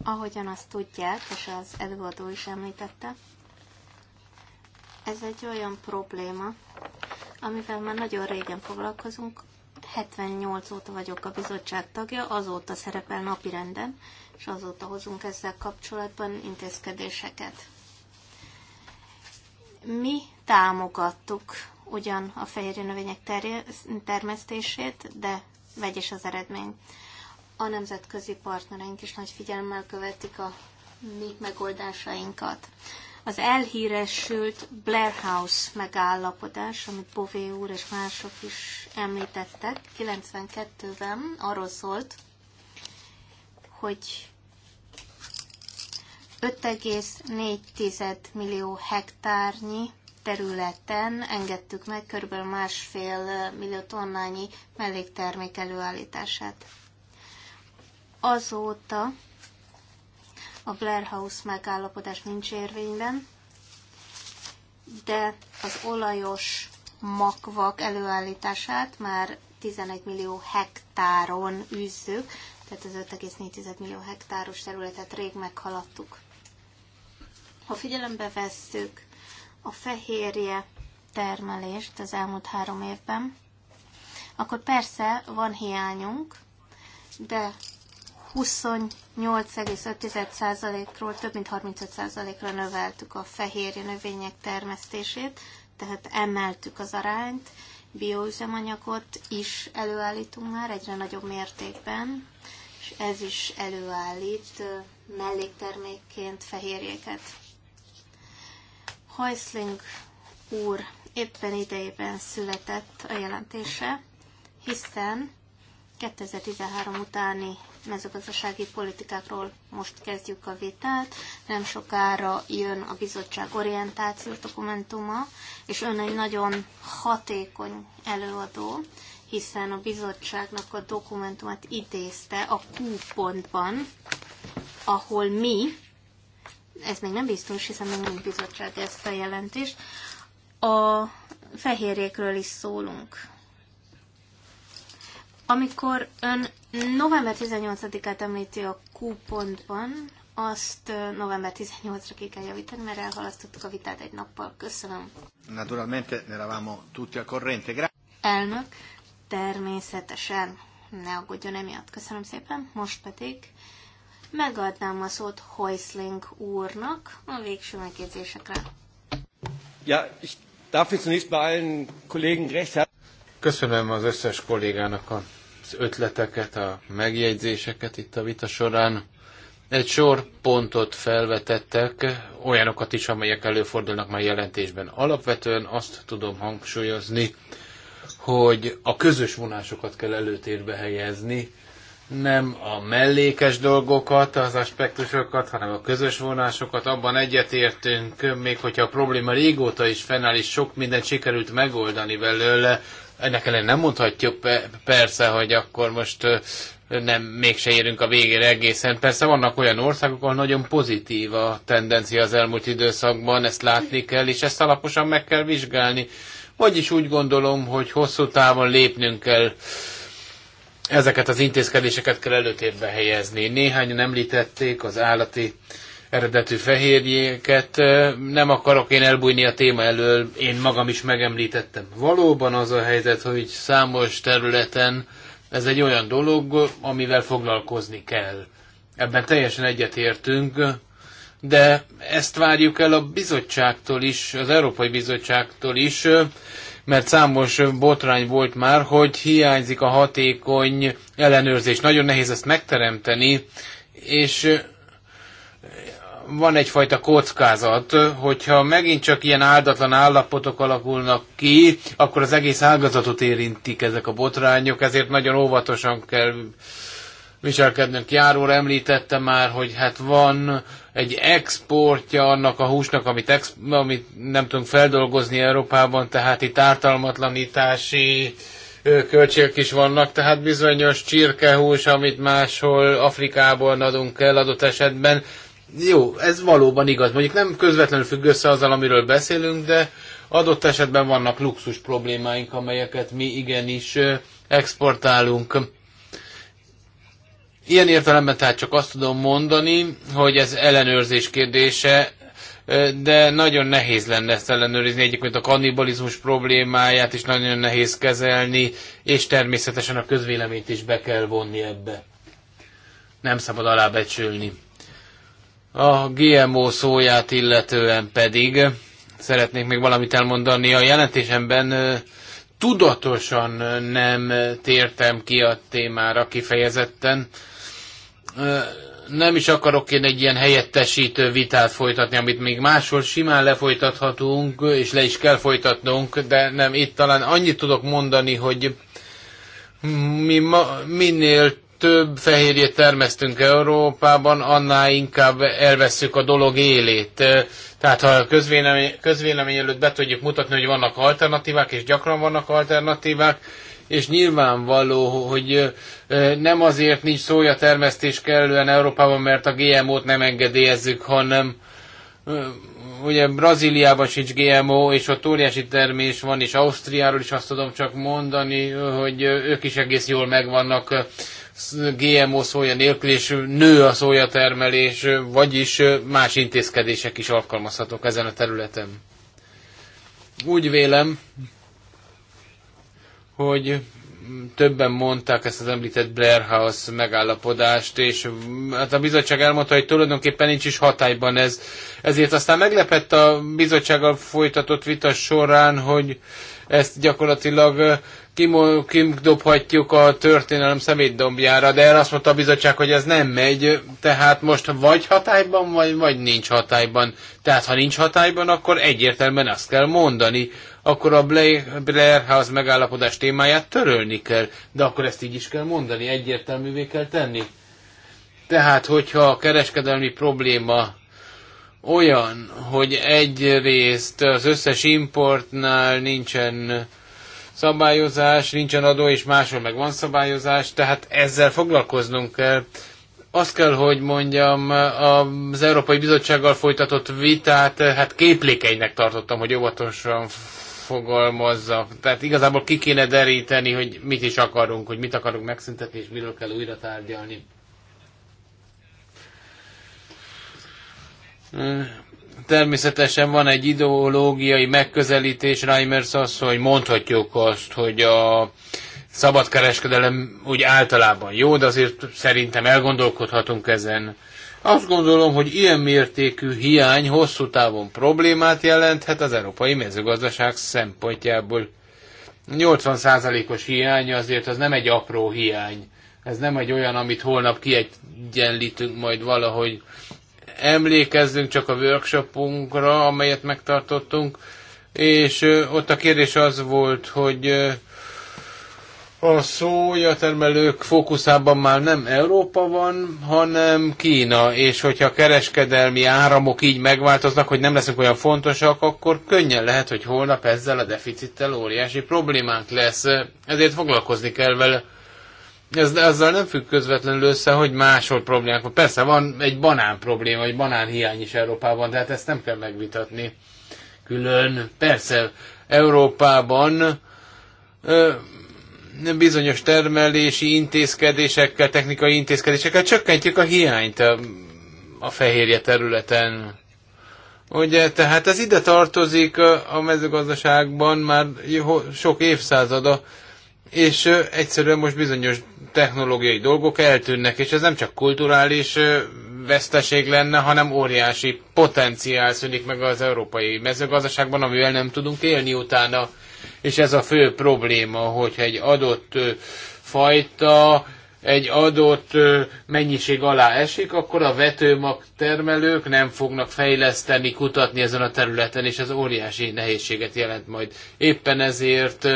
Ahogyan azt tudják, és az előadó is említette, ez egy olyan probléma, amivel már nagyon régen foglalkozunk. 78 óta vagyok a bizottság tagja, azóta szerepel napirenden, és azóta hozunk ezzel kapcsolatban intézkedéseket. Mi támogattuk ugyan a fehérje növények termesztését, de vegyes az eredmény. A nemzetközi partnereink is nagy figyelemmel követik a mi megoldásainkat. Az elhíresült Blair House megállapodás, amit Bové úr és mások is említettek, 92-ben arról szólt, hogy 5,4 millió hektárnyi területen engedtük meg kb. másfél millió tonnányi melléktermék előállítását. Azóta a Blair House megállapodás nincs érvényben, de az olajos makvak előállítását már 11 millió hektáron űzzük, tehát az 5,4 millió hektáros területet rég meghaladtuk. Ha figyelembe vesszük a fehérje termelést az elmúlt három évben, akkor persze van hiányunk, de 28,5%-ról több mint 35%-ra növeltük a fehérje növények termesztését, tehát emeltük az arányt, bioüzemanyagot is előállítunk már egyre nagyobb mértékben, ez is előállít melléktermékként fehérjéket. Heusling úr éppen idejében született a jelentése, hiszen 2013 utáni mezőgazdasági politikákról most kezdjük a vitát. Nem sokára jön a bizottság orientációs dokumentuma, és ön egy nagyon hatékony előadó, hiszen a bizottságnak a dokumentumát idézte a Q pontban, ahol mi, ez még nem biztos, hiszen még nem bizottság ezt a jelentést, a fehérjékről is szólunk. Amikor ön november 18-át említi a Q pontban, azt november 18-ra ki kell javítani, mert elhalasztottuk a vitát egy nappal. Köszönöm. Naturalmente ne eravamo tutti al corrente. Elnök, Természetesen ne aggódjon emiatt. Köszönöm szépen. Most pedig megadnám a szót Heusling úrnak a végső megjegyzésekre. Ja, ich darf jetzt zunächst bei allen Kollegen recht haben. Köszönöm az összes kollégának az ötleteket, a megjegyzéseket itt a vita során. Egy sor pontot felvetettek, olyanokat is, amelyek előfordulnak már jelentésben. Alapvetően azt tudom hangsúlyozni, hogy a közös vonásokat kell előtérbe helyezni, nem a mellékes dolgokat, az aspektusokat, hanem a közös vonásokat, abban egyetértünk, még hogyha a probléma régóta is fennáll, és sok mindent sikerült megoldani belőle, ennek ellen nem mondhatjuk persze, hogy akkor most nem, mégse érünk a végére egészen. Persze vannak olyan országok, ahol nagyon pozitív a tendencia az elmúlt időszakban, ezt látni kell, és ezt alaposan meg kell vizsgálni. Vagyis úgy gondolom, hogy hosszú távon lépnünk kell, ezeket az intézkedéseket kell előtérbe helyezni. nem említették az állati eredetű fehérjéket. Nem akarok én elbújni a téma elől, én magam is megemlítettem. Valóban az a helyzet, hogy számos területen ez egy olyan dolog, amivel foglalkozni kell. Ebben teljesen egyetértünk, de ezt várjuk el a bizottságtól is, az Európai Bizottságtól is, mert számos botrány volt már, hogy hiányzik a hatékony ellenőrzés. Nagyon nehéz ezt megteremteni, és van egyfajta kockázat, hogyha megint csak ilyen áldatlan állapotok alakulnak ki, akkor az egész ágazatot érintik ezek a botrányok, ezért nagyon óvatosan kell viselkednünk. Járóra említette már, hogy hát van egy exportja annak a húsnak, amit, ex, amit nem tudunk feldolgozni Európában, tehát itt ártalmatlanítási költségek is vannak, tehát bizonyos csirkehús, amit máshol Afrikából adunk el adott esetben. Jó, ez valóban igaz. Mondjuk nem közvetlenül függ össze azzal, amiről beszélünk, de adott esetben vannak luxus problémáink, amelyeket mi igenis exportálunk. Ilyen értelemben tehát csak azt tudom mondani, hogy ez ellenőrzés kérdése, de nagyon nehéz lenne ezt ellenőrizni. Egyébként a kannibalizmus problémáját is nagyon nehéz kezelni, és természetesen a közvéleményt is be kell vonni ebbe. Nem szabad alábecsülni. A GMO szóját illetően pedig szeretnék még valamit elmondani. A jelentésemben tudatosan nem tértem ki a témára kifejezetten, nem is akarok én egy ilyen helyettesítő vitát folytatni, amit még máshol simán lefolytathatunk, és le is kell folytatnunk, de nem, itt talán annyit tudok mondani, hogy mi ma, minél több fehérjét termesztünk Európában, annál inkább elveszük a dolog élét. Tehát ha a közvélemény, közvélemény előtt be tudjuk mutatni, hogy vannak alternatívák, és gyakran vannak alternatívák, és nyilvánvaló, hogy nem azért nincs szója termesztés kellően Európában, mert a GMO-t nem engedélyezzük, hanem ugye Brazíliában sincs GMO, és ott óriási termés van, és Ausztriáról is azt tudom csak mondani, hogy ők is egész jól megvannak GMO szója nélkül, és nő a szója termelés, vagyis más intézkedések is alkalmazhatók ezen a területen. Úgy vélem, hogy többen mondták ezt az említett Blair House megállapodást, és hát a bizottság elmondta, hogy tulajdonképpen nincs is hatályban ez. Ezért aztán meglepett a bizottsággal folytatott vita során, hogy ezt gyakorlatilag kimdobhatjuk a történelem szemétdombjára, de erre azt mondta a bizottság, hogy ez nem megy, tehát most vagy hatályban, vagy, vagy nincs hatályban. Tehát ha nincs hatályban, akkor egyértelműen azt kell mondani, akkor a Blair House megállapodás témáját törölni kell, de akkor ezt így is kell mondani, egyértelművé kell tenni. Tehát, hogyha a kereskedelmi probléma olyan, hogy egyrészt az összes importnál nincsen szabályozás, nincsen adó, és máshol meg van szabályozás, tehát ezzel foglalkoznunk kell. Azt kell, hogy mondjam, az Európai Bizottsággal folytatott vitát, eh, hát képlékeinek tartottam, hogy óvatosan fogalmazzak. Tehát igazából ki kéne deríteni, hogy mit is akarunk, hogy mit akarunk megszüntetni, és miről kell újra tárgyalni. Természetesen van egy ideológiai megközelítés, Reimers az, hogy mondhatjuk azt, hogy a szabadkereskedelem úgy általában jó, de azért szerintem elgondolkodhatunk ezen. Azt gondolom, hogy ilyen mértékű hiány hosszú távon problémát jelenthet az európai mezőgazdaság szempontjából. 80%-os hiány azért az nem egy apró hiány. Ez nem egy olyan, amit holnap kiegyenlítünk majd valahogy. Emlékezzünk csak a workshopunkra, amelyet megtartottunk, és ott a kérdés az volt, hogy a termelők fókuszában már nem Európa van, hanem Kína, és hogyha a kereskedelmi áramok így megváltoznak, hogy nem leszünk olyan fontosak, akkor könnyen lehet, hogy holnap ezzel a deficittel óriási problémánk lesz. Ezért foglalkozni kell vele. Ez, ezzel nem függ közvetlenül össze, hogy máshol problémák van. Persze van egy banán probléma, egy banán hiány is Európában, tehát ezt nem kell megvitatni külön. Persze Európában bizonyos termelési intézkedésekkel, technikai intézkedésekkel csökkentjük a hiányt a, a fehérje területen. Ugye, tehát ez ide tartozik a mezőgazdaságban már sok évszázada, és egyszerűen most bizonyos technológiai dolgok eltűnnek, és ez nem csak kulturális veszteség lenne, hanem óriási potenciál szűnik meg az európai mezőgazdaságban, amivel nem tudunk élni utána. És ez a fő probléma, hogyha egy adott fajta egy adott mennyiség alá esik, akkor a vetőmag termelők nem fognak fejleszteni, kutatni ezen a területen, és ez óriási nehézséget jelent majd. Éppen ezért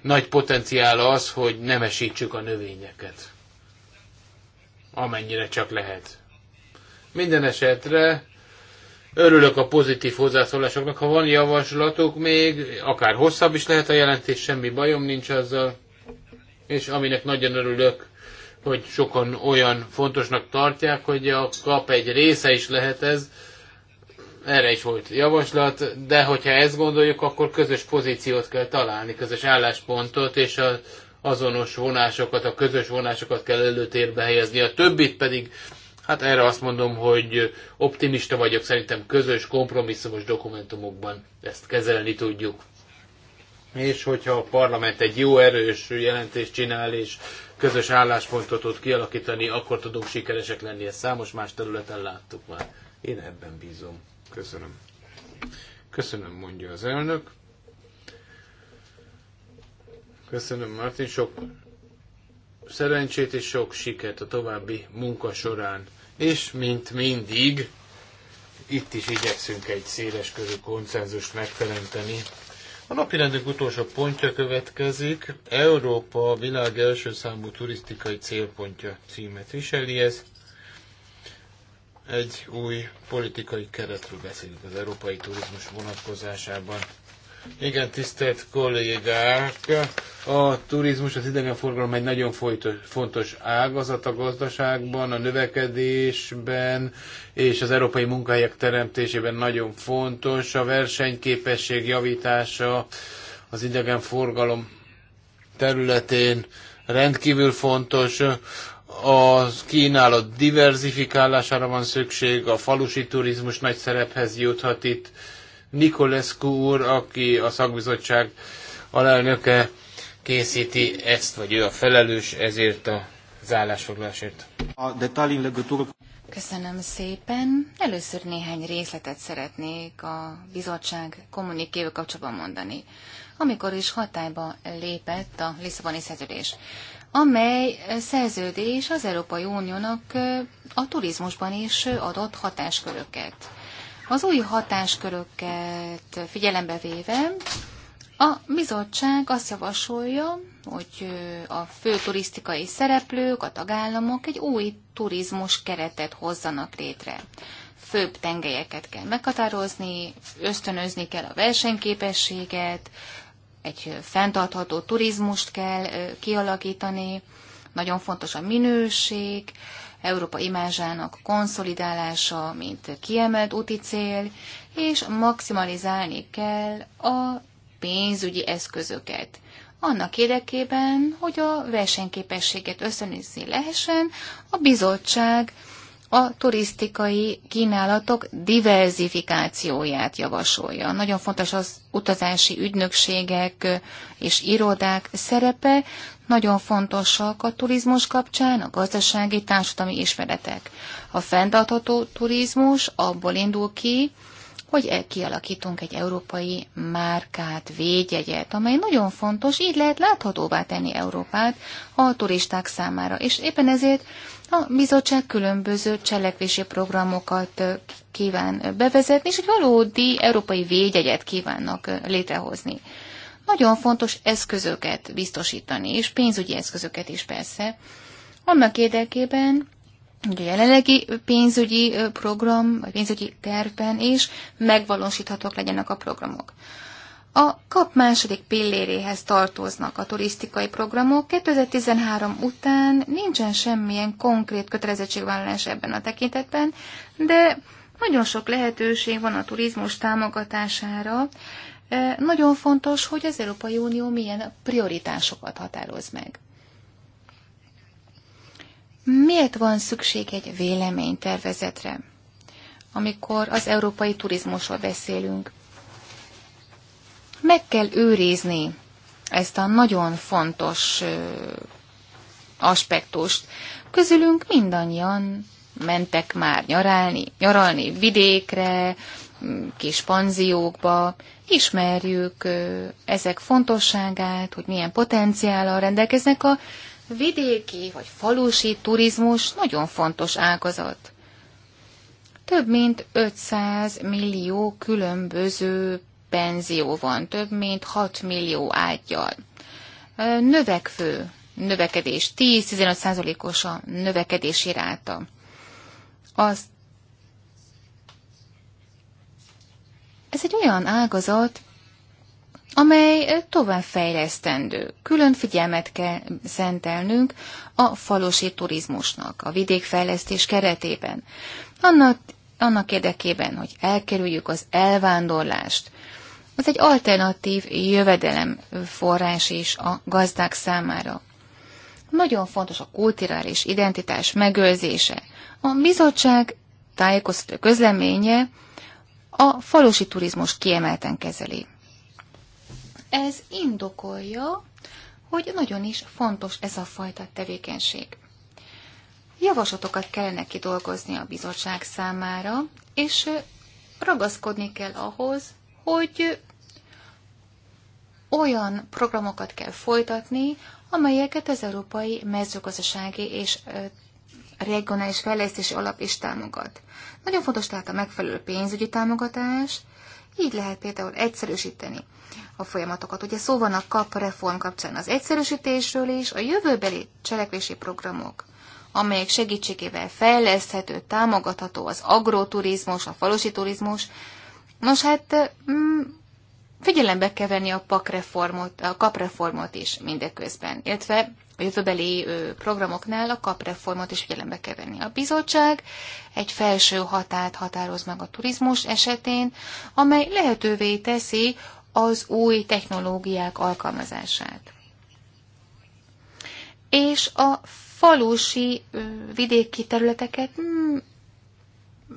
nagy potenciál az, hogy nem esítsük a növényeket. Amennyire csak lehet. Minden esetre Örülök a pozitív hozzászólásoknak. Ha van javaslatok még, akár hosszabb is lehet a jelentés, semmi bajom nincs azzal. És aminek nagyon örülök, hogy sokan olyan fontosnak tartják, hogy a kap egy része is lehet ez. Erre is volt javaslat, de hogyha ezt gondoljuk, akkor közös pozíciót kell találni, közös álláspontot, és a azonos vonásokat, a közös vonásokat kell előtérbe helyezni. A többit pedig Hát erre azt mondom, hogy optimista vagyok, szerintem közös, kompromisszumos dokumentumokban ezt kezelni tudjuk. És hogyha a parlament egy jó erős jelentést csinál, és közös álláspontot tud kialakítani, akkor tudunk sikeresek lenni. Ezt számos más területen láttuk már. Én ebben bízom. Köszönöm. Köszönöm, mondja az elnök. Köszönöm, Martin. Sok szerencsét és sok sikert a további munka során. És mint mindig, itt is igyekszünk egy széles körű konszenzust megteremteni. A rendünk utolsó pontja következik. Európa világ első számú turisztikai célpontja címet viseli ez. Egy új politikai keretről beszélünk az európai turizmus vonatkozásában. Igen, tisztelt kollégák! A turizmus, az idegenforgalom egy nagyon folytos, fontos ágazat a gazdaságban, a növekedésben és az európai munkahelyek teremtésében nagyon fontos. A versenyképesség javítása az idegenforgalom területén rendkívül fontos a kínálat diverzifikálására van szükség, a falusi turizmus nagy szerephez juthat itt, Nikolescu úr, aki a szakbizottság alelnöke készíti ezt, vagy ő a felelős ezért a az A detáli Köszönöm szépen. Először néhány részletet szeretnék a bizottság kommunikével kapcsolatban mondani, amikor is hatályba lépett a Lisszaboni szerződés, amely szerződés az Európai Uniónak a turizmusban is adott hatásköröket. Az új hatásköröket figyelembe véve a bizottság azt javasolja, hogy a fő turisztikai szereplők, a tagállamok egy új turizmus keretet hozzanak létre. Főbb tengelyeket kell meghatározni, ösztönözni kell a versenyképességet, egy fenntartható turizmust kell kialakítani, nagyon fontos a minőség, Európa imázsának konszolidálása, mint kiemelt úti cél, és maximalizálni kell a pénzügyi eszközöket. Annak érdekében, hogy a versenyképességet összenézni lehessen, a bizottság a turisztikai kínálatok diverzifikációját javasolja. Nagyon fontos az utazási ügynökségek és irodák szerepe, nagyon fontosak a turizmus kapcsán a gazdasági, társadalmi ismeretek. A fenntartható turizmus abból indul ki, hogy e- kialakítunk egy európai márkát, védjegyet, amely nagyon fontos, így lehet láthatóvá tenni Európát a turisták számára. És éppen ezért a bizottság különböző cselekvési programokat kíván bevezetni, és egy valódi európai védjegyet kívánnak létrehozni. Nagyon fontos eszközöket biztosítani, és pénzügyi eszközöket is persze. Annak érdekében, hogy a jelenlegi pénzügyi program, vagy pénzügyi tervben is megvalósíthatók legyenek a programok. A kap második pilléréhez tartoznak a turisztikai programok. 2013 után nincsen semmilyen konkrét kötelezettségvállalás ebben a tekintetben, de nagyon sok lehetőség van a turizmus támogatására. E, nagyon fontos, hogy az Európai Unió milyen prioritásokat határoz meg. Miért van szükség egy véleménytervezetre, amikor az európai turizmusról beszélünk? Meg kell őrizni ezt a nagyon fontos aspektust. Közülünk mindannyian mentek már nyaralni, nyaralni vidékre, kis panziókba, ismerjük ezek fontosságát, hogy milyen potenciállal rendelkeznek a vidéki vagy falusi turizmus nagyon fontos ágazat. Több mint 500 millió különböző penzió van, több mint 6 millió ágyjal. Növekvő növekedés, 10-15 százalékos a növekedési ráta. Az ez egy olyan ágazat, amely tovább fejlesztendő. Külön figyelmet kell szentelnünk a falusi turizmusnak, a vidékfejlesztés keretében. Annak, annak érdekében, hogy elkerüljük az elvándorlást, az egy alternatív jövedelem forrás is a gazdák számára. Nagyon fontos a kulturális identitás megőrzése. A bizottság tájékoztató közleménye a falusi turizmus kiemelten kezeli. Ez indokolja, hogy nagyon is fontos ez a fajta tevékenység. Javaslatokat kellene kidolgozni a bizottság számára, és ragaszkodni kell ahhoz, hogy olyan programokat kell folytatni, amelyeket az Európai Mezőgazdasági és Regionális Fejlesztési Alap is támogat. Nagyon fontos tehát a megfelelő pénzügyi támogatás, így lehet például egyszerűsíteni a folyamatokat. Ugye szó van a KAP reform kapcsán az egyszerűsítésről is, a jövőbeli cselekvési programok, amelyek segítségével fejleszthető, támogatható az agroturizmus, a falusi turizmus, Nos hát mm, figyelembe kell venni a pakreformot, a kapreformot is mindeközben, illetve a jövőbeli programoknál a kapreformot is figyelembe kell venni. A bizottság egy felső hatát határoz meg a turizmus esetén, amely lehetővé teszi az új technológiák alkalmazását. És a falusi vidéki területeket mm,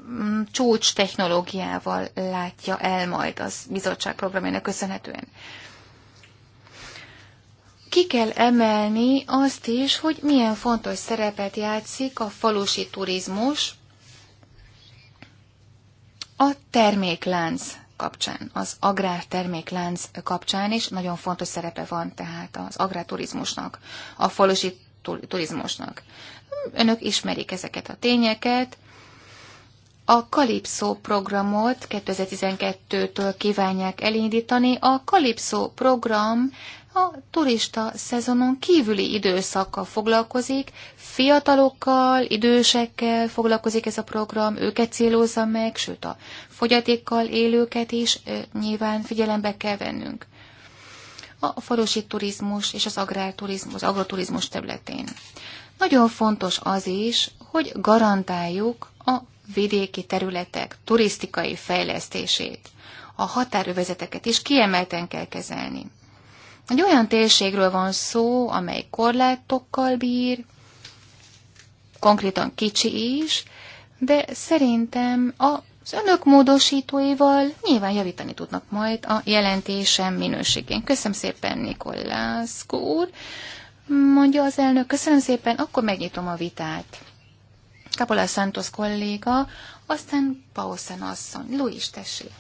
Mm, csúcs technológiával látja el majd az bizottság programjának köszönhetően. Ki kell emelni azt is, hogy milyen fontos szerepet játszik a falusi turizmus a terméklánc kapcsán, az agrárterméklánc kapcsán is nagyon fontos szerepe van tehát az agrárturizmusnak, a falusi turizmusnak. Önök ismerik ezeket a tényeket, a Kalipszó programot 2012-től kívánják elindítani. A Kalipszó program a turista szezonon kívüli időszakkal foglalkozik, fiatalokkal, idősekkel foglalkozik ez a program, őket célozza meg, sőt a fogyatékkal élőket is nyilván figyelembe kell vennünk. A falusi turizmus és az agrárturizmus, az agroturizmus területén. Nagyon fontos az is, hogy garantáljuk a vidéki területek turisztikai fejlesztését, a határövezeteket is kiemelten kell kezelni. Egy olyan térségről van szó, amely korlátokkal bír, konkrétan kicsi is, de szerintem az önök módosítóival nyilván javítani tudnak majd a jelentésem minőségén. Köszönöm szépen, Nikolász úr. Mondja az elnök, köszönöm szépen, akkor megnyitom a vitát. Capola Santos kolléga, aztán pausen asszony. Luis, tessék.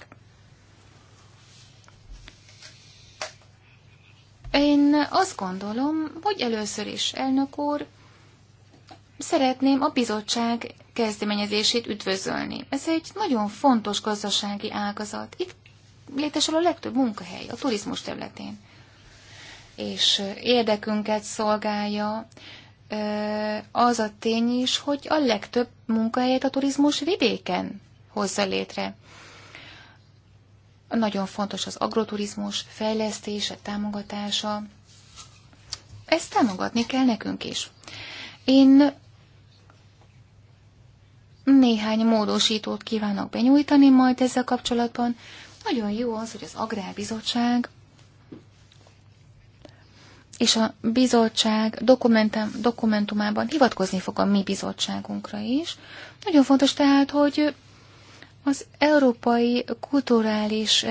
Én azt gondolom, hogy először is, elnök úr, szeretném a bizottság kezdeményezését üdvözölni. Ez egy nagyon fontos gazdasági ágazat. Itt létesül a legtöbb munkahely a turizmus területén. És érdekünket szolgálja, az a tény is, hogy a legtöbb munkahelyet a turizmus vidéken hozza létre. Nagyon fontos az agroturizmus fejlesztése, támogatása. Ezt támogatni kell nekünk is. Én néhány módosítót kívánok benyújtani majd ezzel kapcsolatban. Nagyon jó az, hogy az Agrárbizottság és a bizottság dokumentum, dokumentumában hivatkozni fog a mi bizottságunkra is. Nagyon fontos tehát, hogy az európai kulturális,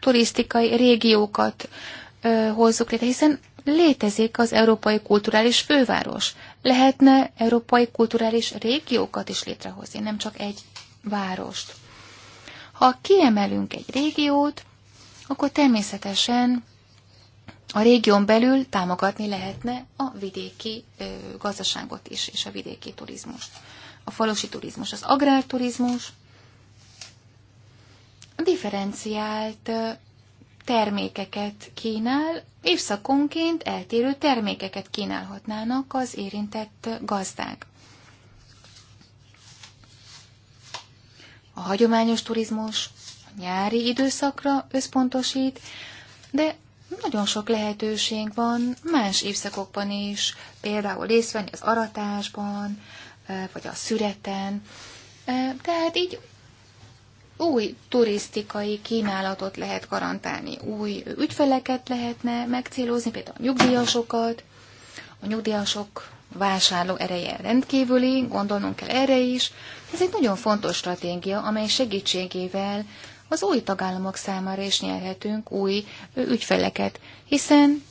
turisztikai régiókat hozzuk létre, hiszen létezik az európai kulturális főváros. Lehetne európai kulturális régiókat is létrehozni, nem csak egy várost. Ha kiemelünk egy régiót, akkor természetesen a régión belül támogatni lehetne a vidéki gazdaságot is, és a vidéki turizmust. A falusi turizmus, az agrárturizmus, differenciált termékeket kínál, évszakonként eltérő termékeket kínálhatnának az érintett gazdák. A hagyományos turizmus a nyári időszakra összpontosít, de nagyon sok lehetőség van más évszakokban is, például részt venni az aratásban, vagy a szüreten. Tehát így új turisztikai kínálatot lehet garantálni, új ügyfeleket lehetne megcélozni, például a nyugdíjasokat. A nyugdíjasok vásárló ereje rendkívüli, gondolnunk kell erre is. Ez egy nagyon fontos stratégia, amely segítségével az új tagállamok számára is nyerhetünk új ügyfeleket, hiszen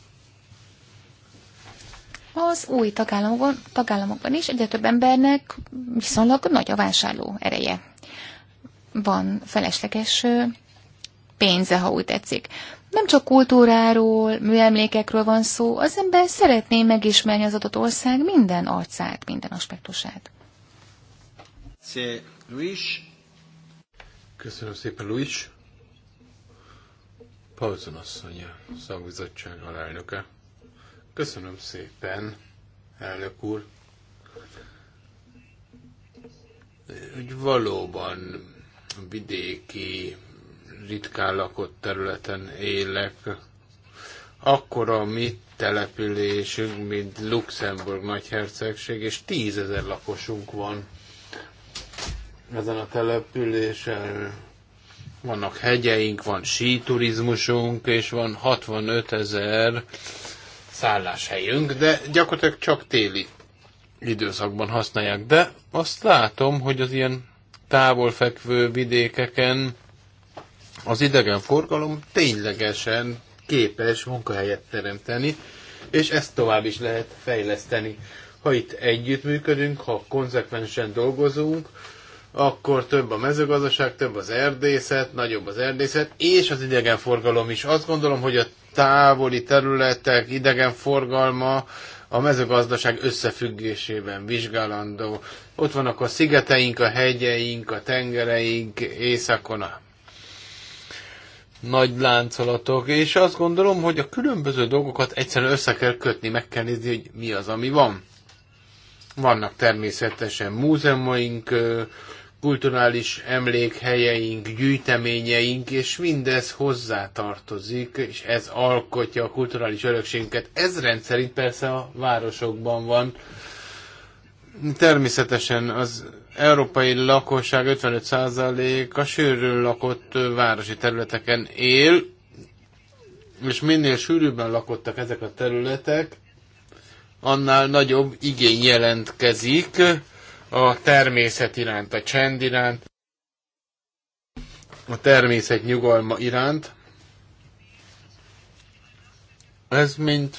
az új tagállamokon, tagállamokban is egyre több embernek viszonylag nagy a vásárló ereje. Van felesleges pénze, ha úgy tetszik. Nem csak kultúráról, műemlékekről van szó, az ember szeretné megismerni az adott ország minden arcát, minden aspektusát. Köszönöm szépen, Luis. Paulson asszonya szakbizottság alelnöke. Köszönöm szépen, elnök úr. Hogy valóban vidéki, ritkán lakott területen élek, akkor a mi településünk, mint Luxemburg nagyhercegség, és tízezer lakosunk van ezen a településen. Vannak hegyeink, van síturizmusunk, és van 65 ezer szálláshelyünk, de gyakorlatilag csak téli időszakban használják. De azt látom, hogy az ilyen távolfekvő vidékeken az idegenforgalom ténylegesen képes munkahelyet teremteni, és ezt tovább is lehet fejleszteni. Ha itt együttműködünk, ha konzekvensen dolgozunk, akkor több a mezőgazdaság, több az erdészet, nagyobb az erdészet, és az idegenforgalom is. Azt gondolom, hogy a távoli területek idegenforgalma a mezőgazdaság összefüggésében vizsgálandó. Ott vannak a szigeteink, a hegyeink, a tengereink, északon a nagy láncolatok, és azt gondolom, hogy a különböző dolgokat egyszerűen össze kell kötni, meg kell nézni, hogy mi az, ami van. Vannak természetesen múzeumaink, kulturális emlékhelyeink, gyűjteményeink, és mindez hozzátartozik, és ez alkotja a kulturális örökségünket. Ez rendszerint persze a városokban van. Természetesen az európai lakosság 55%-a sűrűn lakott városi területeken él, és minél sűrűbben lakottak ezek a területek, annál nagyobb igény jelentkezik a természet iránt, a csend iránt, a természet nyugalma iránt. Ez mind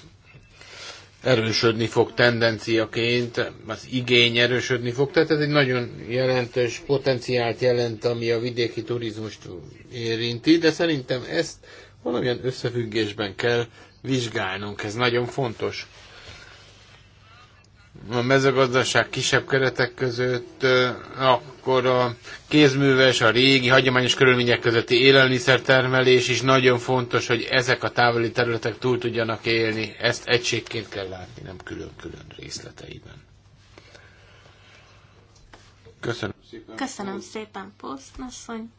erősödni fog tendenciaként, az igény erősödni fog, tehát ez egy nagyon jelentős potenciált jelent, ami a vidéki turizmust érinti, de szerintem ezt valamilyen összefüggésben kell vizsgálnunk, ez nagyon fontos a mezőgazdaság kisebb keretek között, akkor a kézműves, a régi, hagyományos körülmények közötti élelmiszertermelés is nagyon fontos, hogy ezek a távoli területek túl tudjanak élni. Ezt egységként kell látni, nem külön-külön részleteiben. Köszönöm szépen. Köszönöm szépen, Pósznasszony.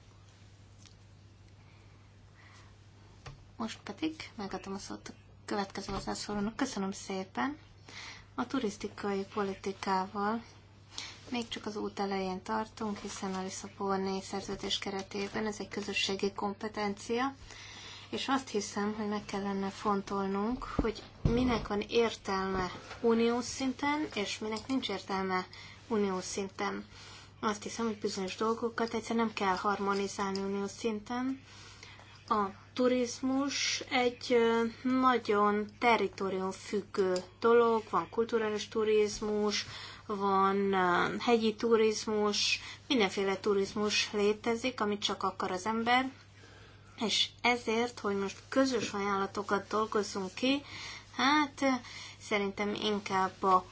Most pedig megadom a szót a következő hozzászólónak. Köszönöm szépen. A turisztikai politikával még csak az út elején tartunk, hiszen a Lisszaboni szerződés keretében ez egy közösségi kompetencia, és azt hiszem, hogy meg kellene fontolnunk, hogy minek van értelme uniós szinten, és minek nincs értelme uniós szinten. Azt hiszem, hogy bizonyos dolgokat egyszerűen nem kell harmonizálni uniós szinten, a turizmus egy nagyon teritorium függő dolog, van kulturális turizmus, van hegyi turizmus, mindenféle turizmus létezik, amit csak akar az ember, és ezért, hogy most közös ajánlatokat dolgozunk ki, hát szerintem inkább a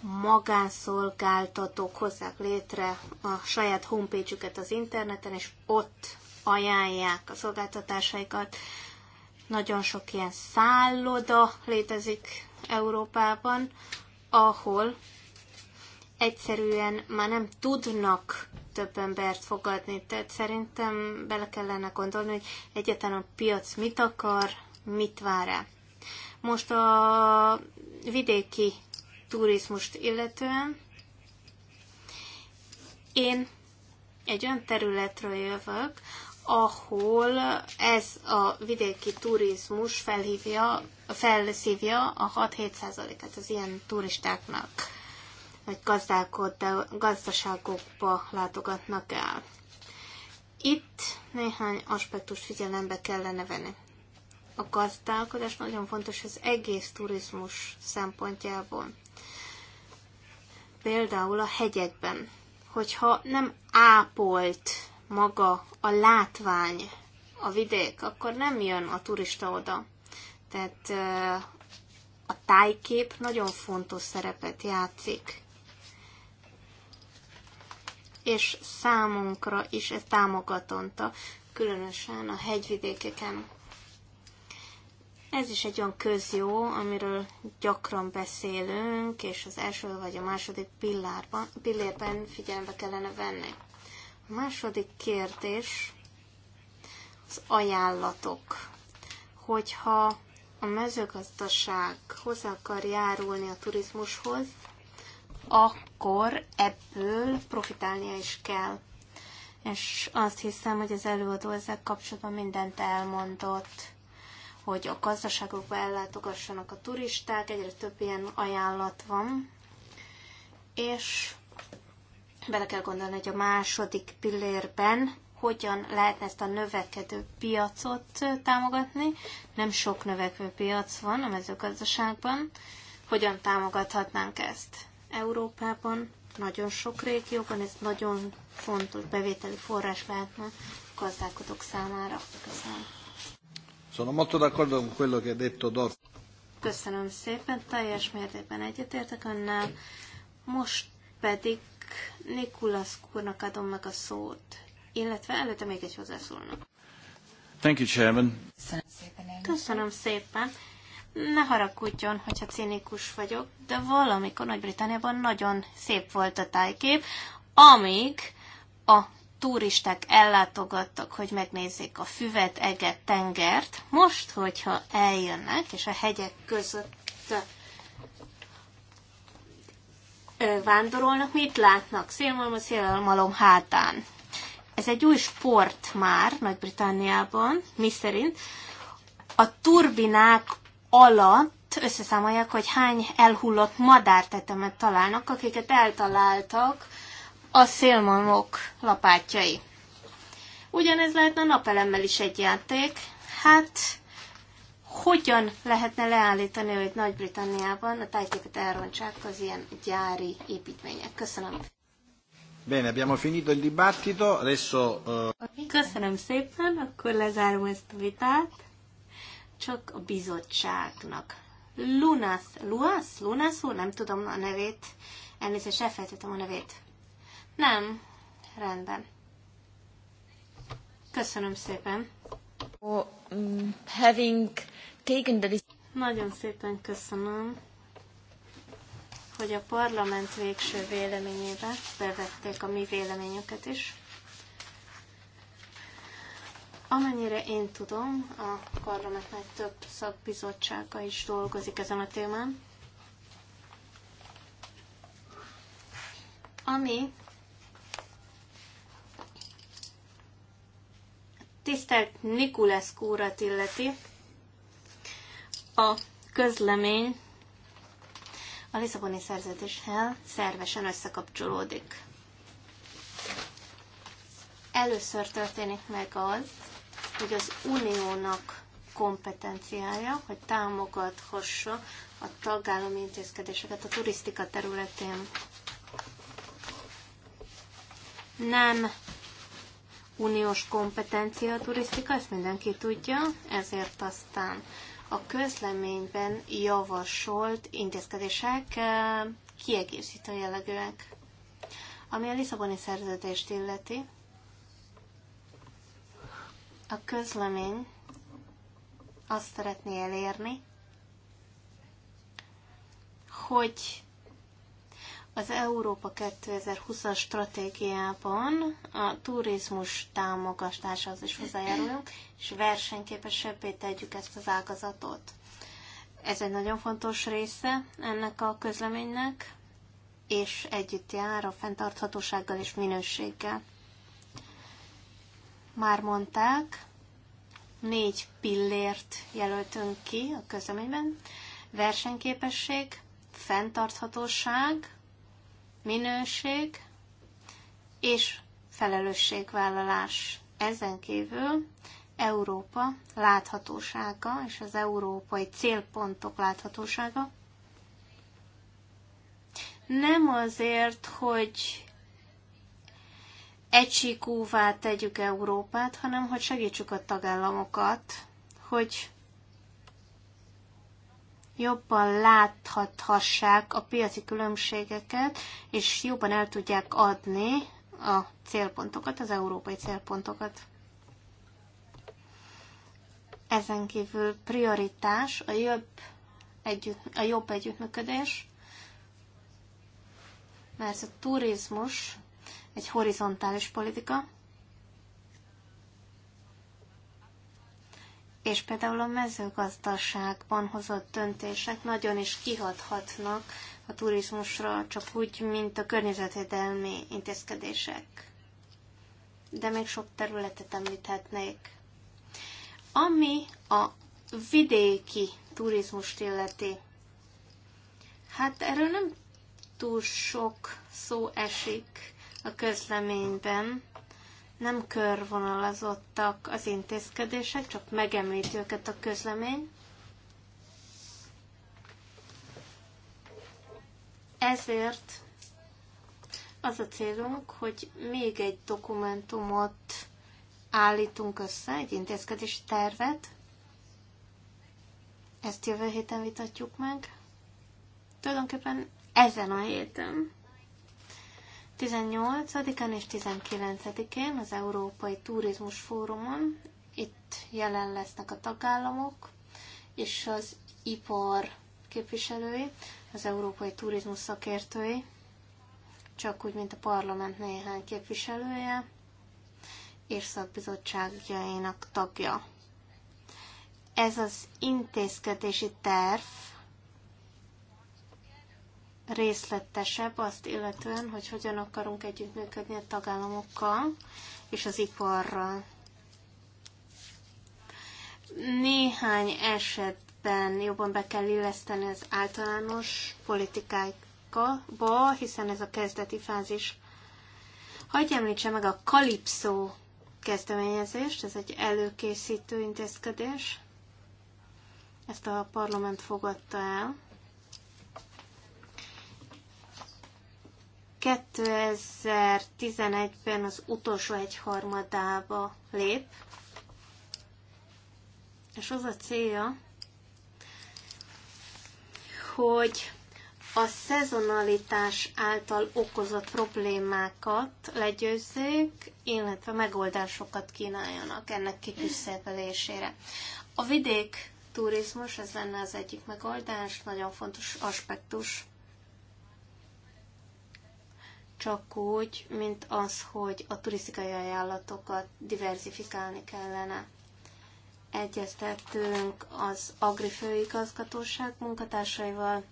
magánszolgáltatók hozzák létre a saját homepage az interneten, és ott ajánlják a szolgáltatásaikat. Nagyon sok ilyen szálloda létezik Európában, ahol egyszerűen már nem tudnak több embert fogadni. Tehát szerintem bele kellene gondolni, hogy egyetlen a piac mit akar, mit vár el. Most a vidéki turizmust illetően én egy olyan területről jövök, ahol ez a vidéki turizmus felhívja, felszívja a 6-7 et az ilyen turistáknak, vagy gazdaságokba látogatnak el. Itt néhány aspektust figyelembe kellene venni. A gazdálkodás nagyon fontos az egész turizmus szempontjából. Például a hegyekben, hogyha nem ápolt maga a látvány a vidék, akkor nem jön a turista oda. Tehát a tájkép nagyon fontos szerepet játszik. És számunkra is ez támogatonta, különösen a hegyvidékeken. Ez is egy olyan közjó, amiről gyakran beszélünk, és az első vagy a második pillárban, pillérben figyelembe kellene venni. A második kérdés az ajánlatok. Hogyha a mezőgazdaság hozzá akar járulni a turizmushoz, akkor ebből profitálnia is kell. És azt hiszem, hogy az előadó ezzel kapcsolatban mindent elmondott, hogy a gazdaságokba ellátogassanak a turisták, egyre több ilyen ajánlat van, és bele kell gondolni, hogy a második pillérben hogyan lehetne ezt a növekedő piacot támogatni. Nem sok növekvő piac van a mezőgazdaságban. Hogyan támogathatnánk ezt? Európában, nagyon sok régióban, ez nagyon fontos bevételi forrás lehetne a gazdálkodók számára. Köszönöm. Sono molto d'accordo con quello che ha detto Dorf. Köszönöm szépen, teljes mértékben egyetértek önnel. Most pedig Nikulas úrnak adom meg a szót, illetve előtte még egy hozzászólnak. Thank you, Chairman. Köszönöm szépen. Köszönöm szépen. Ne haragudjon, hogyha cinikus vagyok, de valamikor Nagy-Britanniában nagyon szép volt a tájkép, amíg a turisták ellátogattak, hogy megnézzék a füvet, eget, tengert. Most, hogyha eljönnek, és a hegyek között vándorolnak, mit látnak? Szélmalom a szélmalom hátán. Ez egy új sport már Nagy-Britanniában, mi szerint a turbinák alatt összeszámolják, hogy hány elhullott madártetemet találnak, akiket eltaláltak a szélmalmok lapátjai. Ugyanez lehetne a napelemmel is egy játék. Hát hogyan lehetne leállítani, őt Nagy-Britanniában a tájképet elrontsák az ilyen gyári építmények. Köszönöm. Bene, abbiamo finito il dibattito, adesso... Eh, Köszönöm szépen, akkor lezárom ezt a vitát. Csak a bizottságnak. Lunas, Luas, Lunas úr, nem tudom a nevét. Elnézést, elfelejtettem a nevét. Nem, rendben. Köszönöm szépen. Oh, um, having gegen Nagyon szépen köszönöm, hogy a parlament végső véleményébe bevették a mi véleményeket is. Amennyire én tudom, a parlamentnek több szakbizottsága is dolgozik ezen a témán. Ami tisztelt Nikulescu úrat illeti, a közlemény a Lisszaboni szerződéssel szervesen összekapcsolódik. Először történik meg az, hogy az uniónak kompetenciája, hogy támogathassa a tagállami intézkedéseket a turisztika területén. Nem uniós kompetencia a turisztika, ezt mindenki tudja, ezért aztán a közleményben javasolt intézkedések kiegészítő jellegűek. Ami a Lisszaboni szerződést illeti, a közlemény azt szeretné elérni, hogy az Európa 2020-as stratégiában a turizmus támogatásához is hozzájárulunk, és versenyképesebbé tegyük ezt az ágazatot. Ez egy nagyon fontos része ennek a közleménynek, és együtt jár a fenntarthatósággal és minőséggel. Már mondták, négy pillért jelöltünk ki a közleményben. Versenyképesség, fenntarthatóság, minőség és felelősségvállalás. Ezen kívül Európa láthatósága és az európai célpontok láthatósága nem azért, hogy egysíkúvá tegyük Európát, hanem hogy segítsük a tagállamokat, hogy jobban láthathassák a piaci különbségeket, és jobban el tudják adni a célpontokat, az európai célpontokat. Ezen kívül prioritás a jobb, együtt, a jobb együttműködés, mert a turizmus egy horizontális politika, És például a mezőgazdaságban hozott döntések nagyon is kihathatnak a turizmusra, csak úgy, mint a környezetvédelmi intézkedések. De még sok területet említhetnék. Ami a vidéki turizmust illeti, hát erről nem túl sok szó esik a közleményben, nem körvonalazottak az intézkedések, csak megemlíti őket a közlemény. Ezért az a célunk, hogy még egy dokumentumot állítunk össze, egy intézkedési tervet. Ezt jövő héten vitatjuk meg. Tulajdonképpen ezen a héten. 18-án és 19-én az Európai Turizmus Fórumon. Itt jelen lesznek a tagállamok és az ipar képviselői, az európai turizmus szakértői, csak úgy, mint a parlament néhány képviselője és szakbizottságjainak tagja. Ez az intézkedési terv részletesebb azt illetően, hogy hogyan akarunk együttműködni a tagállamokkal és az iparral. Néhány esetben jobban be kell illeszteni az általános politikákba, hiszen ez a kezdeti fázis. Hagyj említse meg a Kalipszó kezdeményezést, ez egy előkészítő intézkedés. Ezt a parlament fogadta el. 2011-ben az utolsó egyharmadába lép, és az a célja, hogy a szezonalitás által okozott problémákat legyőzzék, illetve megoldásokat kínáljanak ennek kiküszöbölésére. A vidék turizmus, ez lenne az egyik megoldás, nagyon fontos aspektus csak úgy, mint az, hogy a turisztikai ajánlatokat diversifikálni kellene. Egyeztettünk az Agri Főigazgatóság munkatársaival,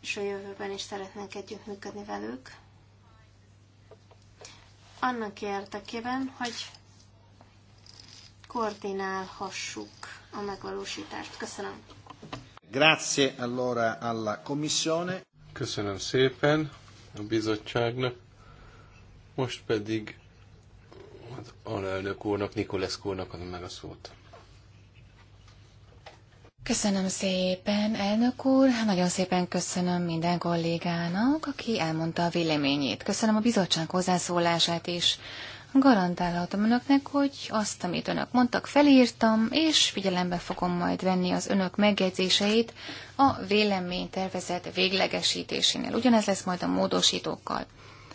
és a jövőben is szeretnénk együttműködni velük. Annak érdekében, hogy koordinálhassuk a megvalósítást. Köszönöm. Grazie allora alla Commissione. Köszönöm szépen a bizottságnak, most pedig az alelnök úrnak, Nikolesz úrnak adom meg a szót. Köszönöm szépen, elnök úr, hát nagyon szépen köszönöm minden kollégának, aki elmondta a véleményét. Köszönöm a bizottság hozzászólását is garantálhatom önöknek, hogy azt, amit önök mondtak, felírtam, és figyelembe fogom majd venni az önök megjegyzéseit a véleménytervezet véglegesítésénél. Ugyanez lesz majd a módosítókkal.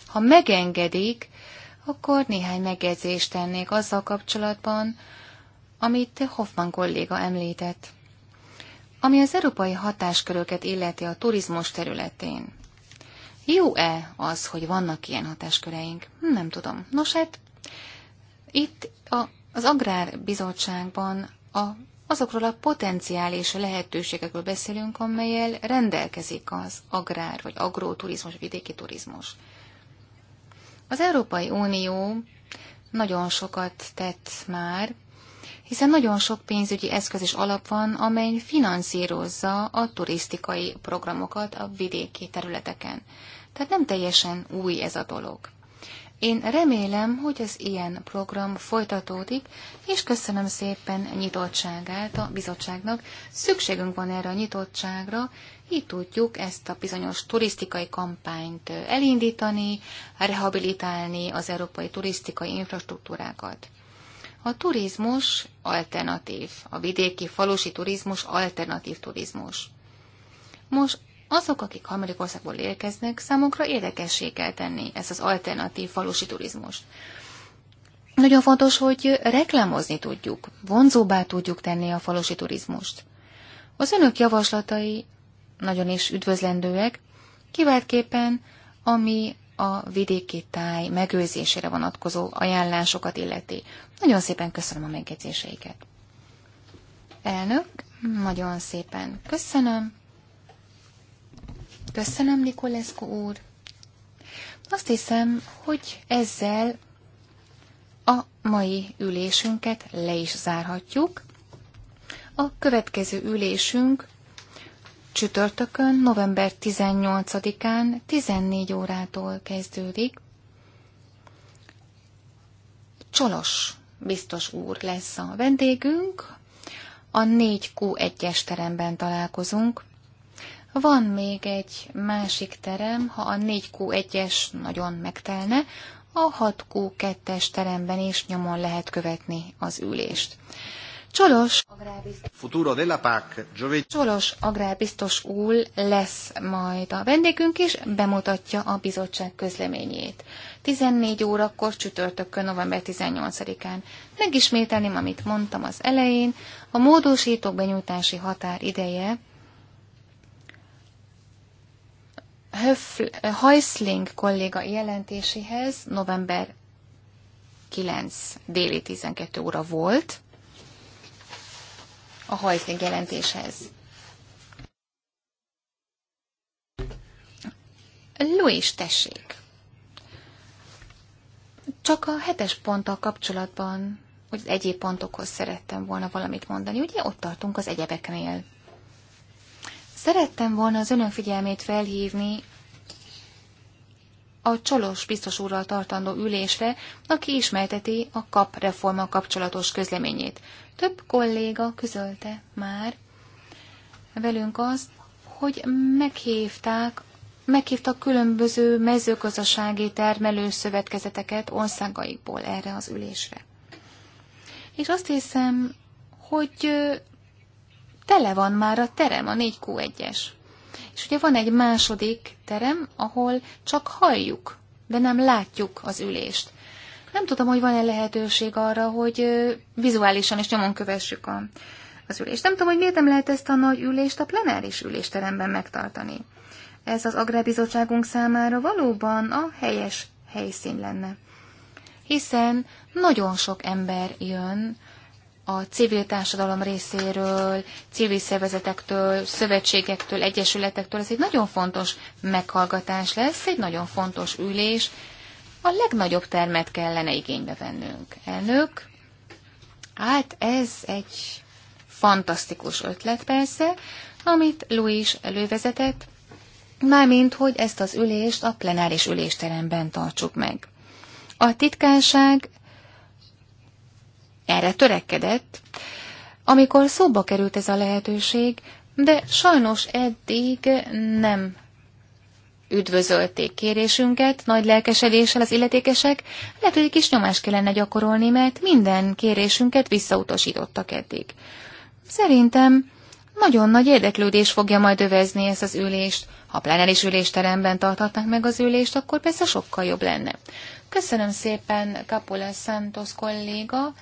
Ha megengedik, akkor néhány megjegyzést tennék azzal kapcsolatban, amit Hoffman kolléga említett. Ami az európai hatásköröket illeti a turizmus területén. Jó-e az, hogy vannak ilyen hatásköreink? Nem tudom. Nos, hát itt a, az Agrárbizottságban a, azokról a potenciális lehetőségekről beszélünk, amelyel rendelkezik az agrár vagy agroturizmus, vidéki turizmus. Az Európai Unió nagyon sokat tett már, hiszen nagyon sok pénzügyi eszköz és alap van, amely finanszírozza a turisztikai programokat a vidéki területeken. Tehát nem teljesen új ez a dolog. Én remélem, hogy az ilyen program folytatódik, és köszönöm szépen nyitottságát a bizottságnak. Szükségünk van erre a nyitottságra, így tudjuk ezt a bizonyos turisztikai kampányt elindítani, rehabilitálni az európai turisztikai infrastruktúrákat. A turizmus alternatív, a vidéki falusi turizmus alternatív turizmus. Most azok, akik harmadik országból érkeznek, számukra érdekessé kell tenni ezt az alternatív falusi turizmust. Nagyon fontos, hogy reklámozni tudjuk, vonzóbbá tudjuk tenni a falusi turizmust. Az önök javaslatai nagyon is üdvözlendőek, kiváltképpen ami a vidéki táj megőrzésére vonatkozó ajánlásokat illeti. Nagyon szépen köszönöm a megjegyzéseiket. Elnök, nagyon szépen köszönöm. Köszönöm, Nikolescu úr. Azt hiszem, hogy ezzel a mai ülésünket le is zárhatjuk. A következő ülésünk csütörtökön, november 18-án 14 órától kezdődik. Csolos biztos úr lesz a vendégünk. A 4Q1-es teremben találkozunk. Van még egy másik terem, ha a 4Q1-es nagyon megtelne, a 6Q2-es teremben is nyomon lehet követni az ülést. Csolos agrárbiztos, Csolos agrárbiztos úr lesz majd a vendégünk is, bemutatja a bizottság közleményét. 14 órakor csütörtökön, november 18-án. Megismételném, amit mondtam az elején, a módosítók benyújtási határ ideje Heusling kolléga jelentéséhez november 9 déli 12 óra volt a Heusling jelentéshez. Louis, tessék! Csak a hetes ponttal kapcsolatban, hogy az egyéb pontokhoz szerettem volna valamit mondani, ugye ott tartunk az egyebeknél. Szerettem volna az önök figyelmét felhívni a Csolos biztos úrral tartandó ülésre, aki ismerteti a KAP reforma kapcsolatos közleményét. Több kolléga közölte már velünk azt, hogy meghívták, meghívtak különböző mezőgazdasági termelő szövetkezeteket országaikból erre az ülésre. És azt hiszem, hogy tele van már a terem, a 4Q1-es. És ugye van egy második terem, ahol csak halljuk, de nem látjuk az ülést. Nem tudom, hogy van-e lehetőség arra, hogy vizuálisan és nyomon kövessük a, az ülést. Nem tudom, hogy miért nem lehet ezt a nagy ülést a plenáris ülésteremben megtartani. Ez az Agrárbizottságunk számára valóban a helyes helyszín lenne. Hiszen nagyon sok ember jön a civil társadalom részéről, civil szervezetektől, szövetségektől, egyesületektől. Ez egy nagyon fontos meghallgatás lesz, egy nagyon fontos ülés. A legnagyobb termet kellene igénybe vennünk. Elnök, hát ez egy fantasztikus ötlet persze, amit Louis elővezetett, mármint, hogy ezt az ülést a plenáris ülésteremben tartsuk meg. A titkárság erre törekedett, amikor szóba került ez a lehetőség, de sajnos eddig nem üdvözölték kérésünket, nagy lelkesedéssel az illetékesek, lehet, hogy egy kis nyomást kellene gyakorolni, mert minden kérésünket visszautasítottak eddig. Szerintem nagyon nagy érdeklődés fogja majd övezni ezt az ülést. Ha plenáris ülésteremben tarthatnánk meg az ülést, akkor persze sokkal jobb lenne. Köszönöm szépen Capula Santos kolléga,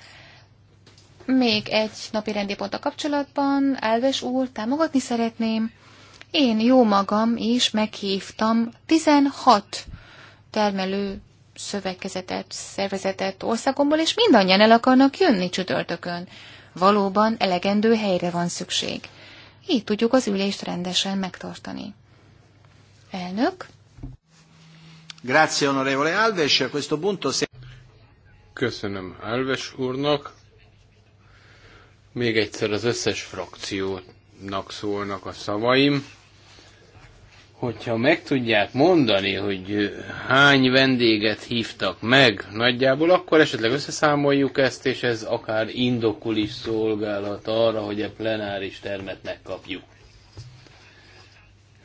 még egy napi rendi pont a kapcsolatban, Elves úr, támogatni szeretném. Én jó magam is meghívtam 16 termelő szövegkezetet, szervezetet országomból, és mindannyian el akarnak jönni csütörtökön. Valóban elegendő helyre van szükség. Így tudjuk az ülést rendesen megtartani. Elnök. Grazie, onorevole Alves. A questo punto se... Köszönöm Alves úrnak. Még egyszer az összes frakciónak szólnak a szavaim. Hogyha meg tudják mondani, hogy hány vendéget hívtak meg nagyjából, akkor esetleg összeszámoljuk ezt, és ez akár indokul is szolgálhat arra, hogy a plenáris termet megkapjuk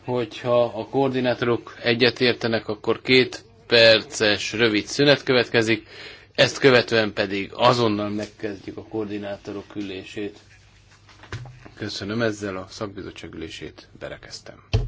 hogyha a koordinátorok egyetértenek, akkor két perces rövid szünet következik, ezt követően pedig azonnal megkezdjük a koordinátorok ülését. Köszönöm ezzel a szakbizottság ülését, berekeztem.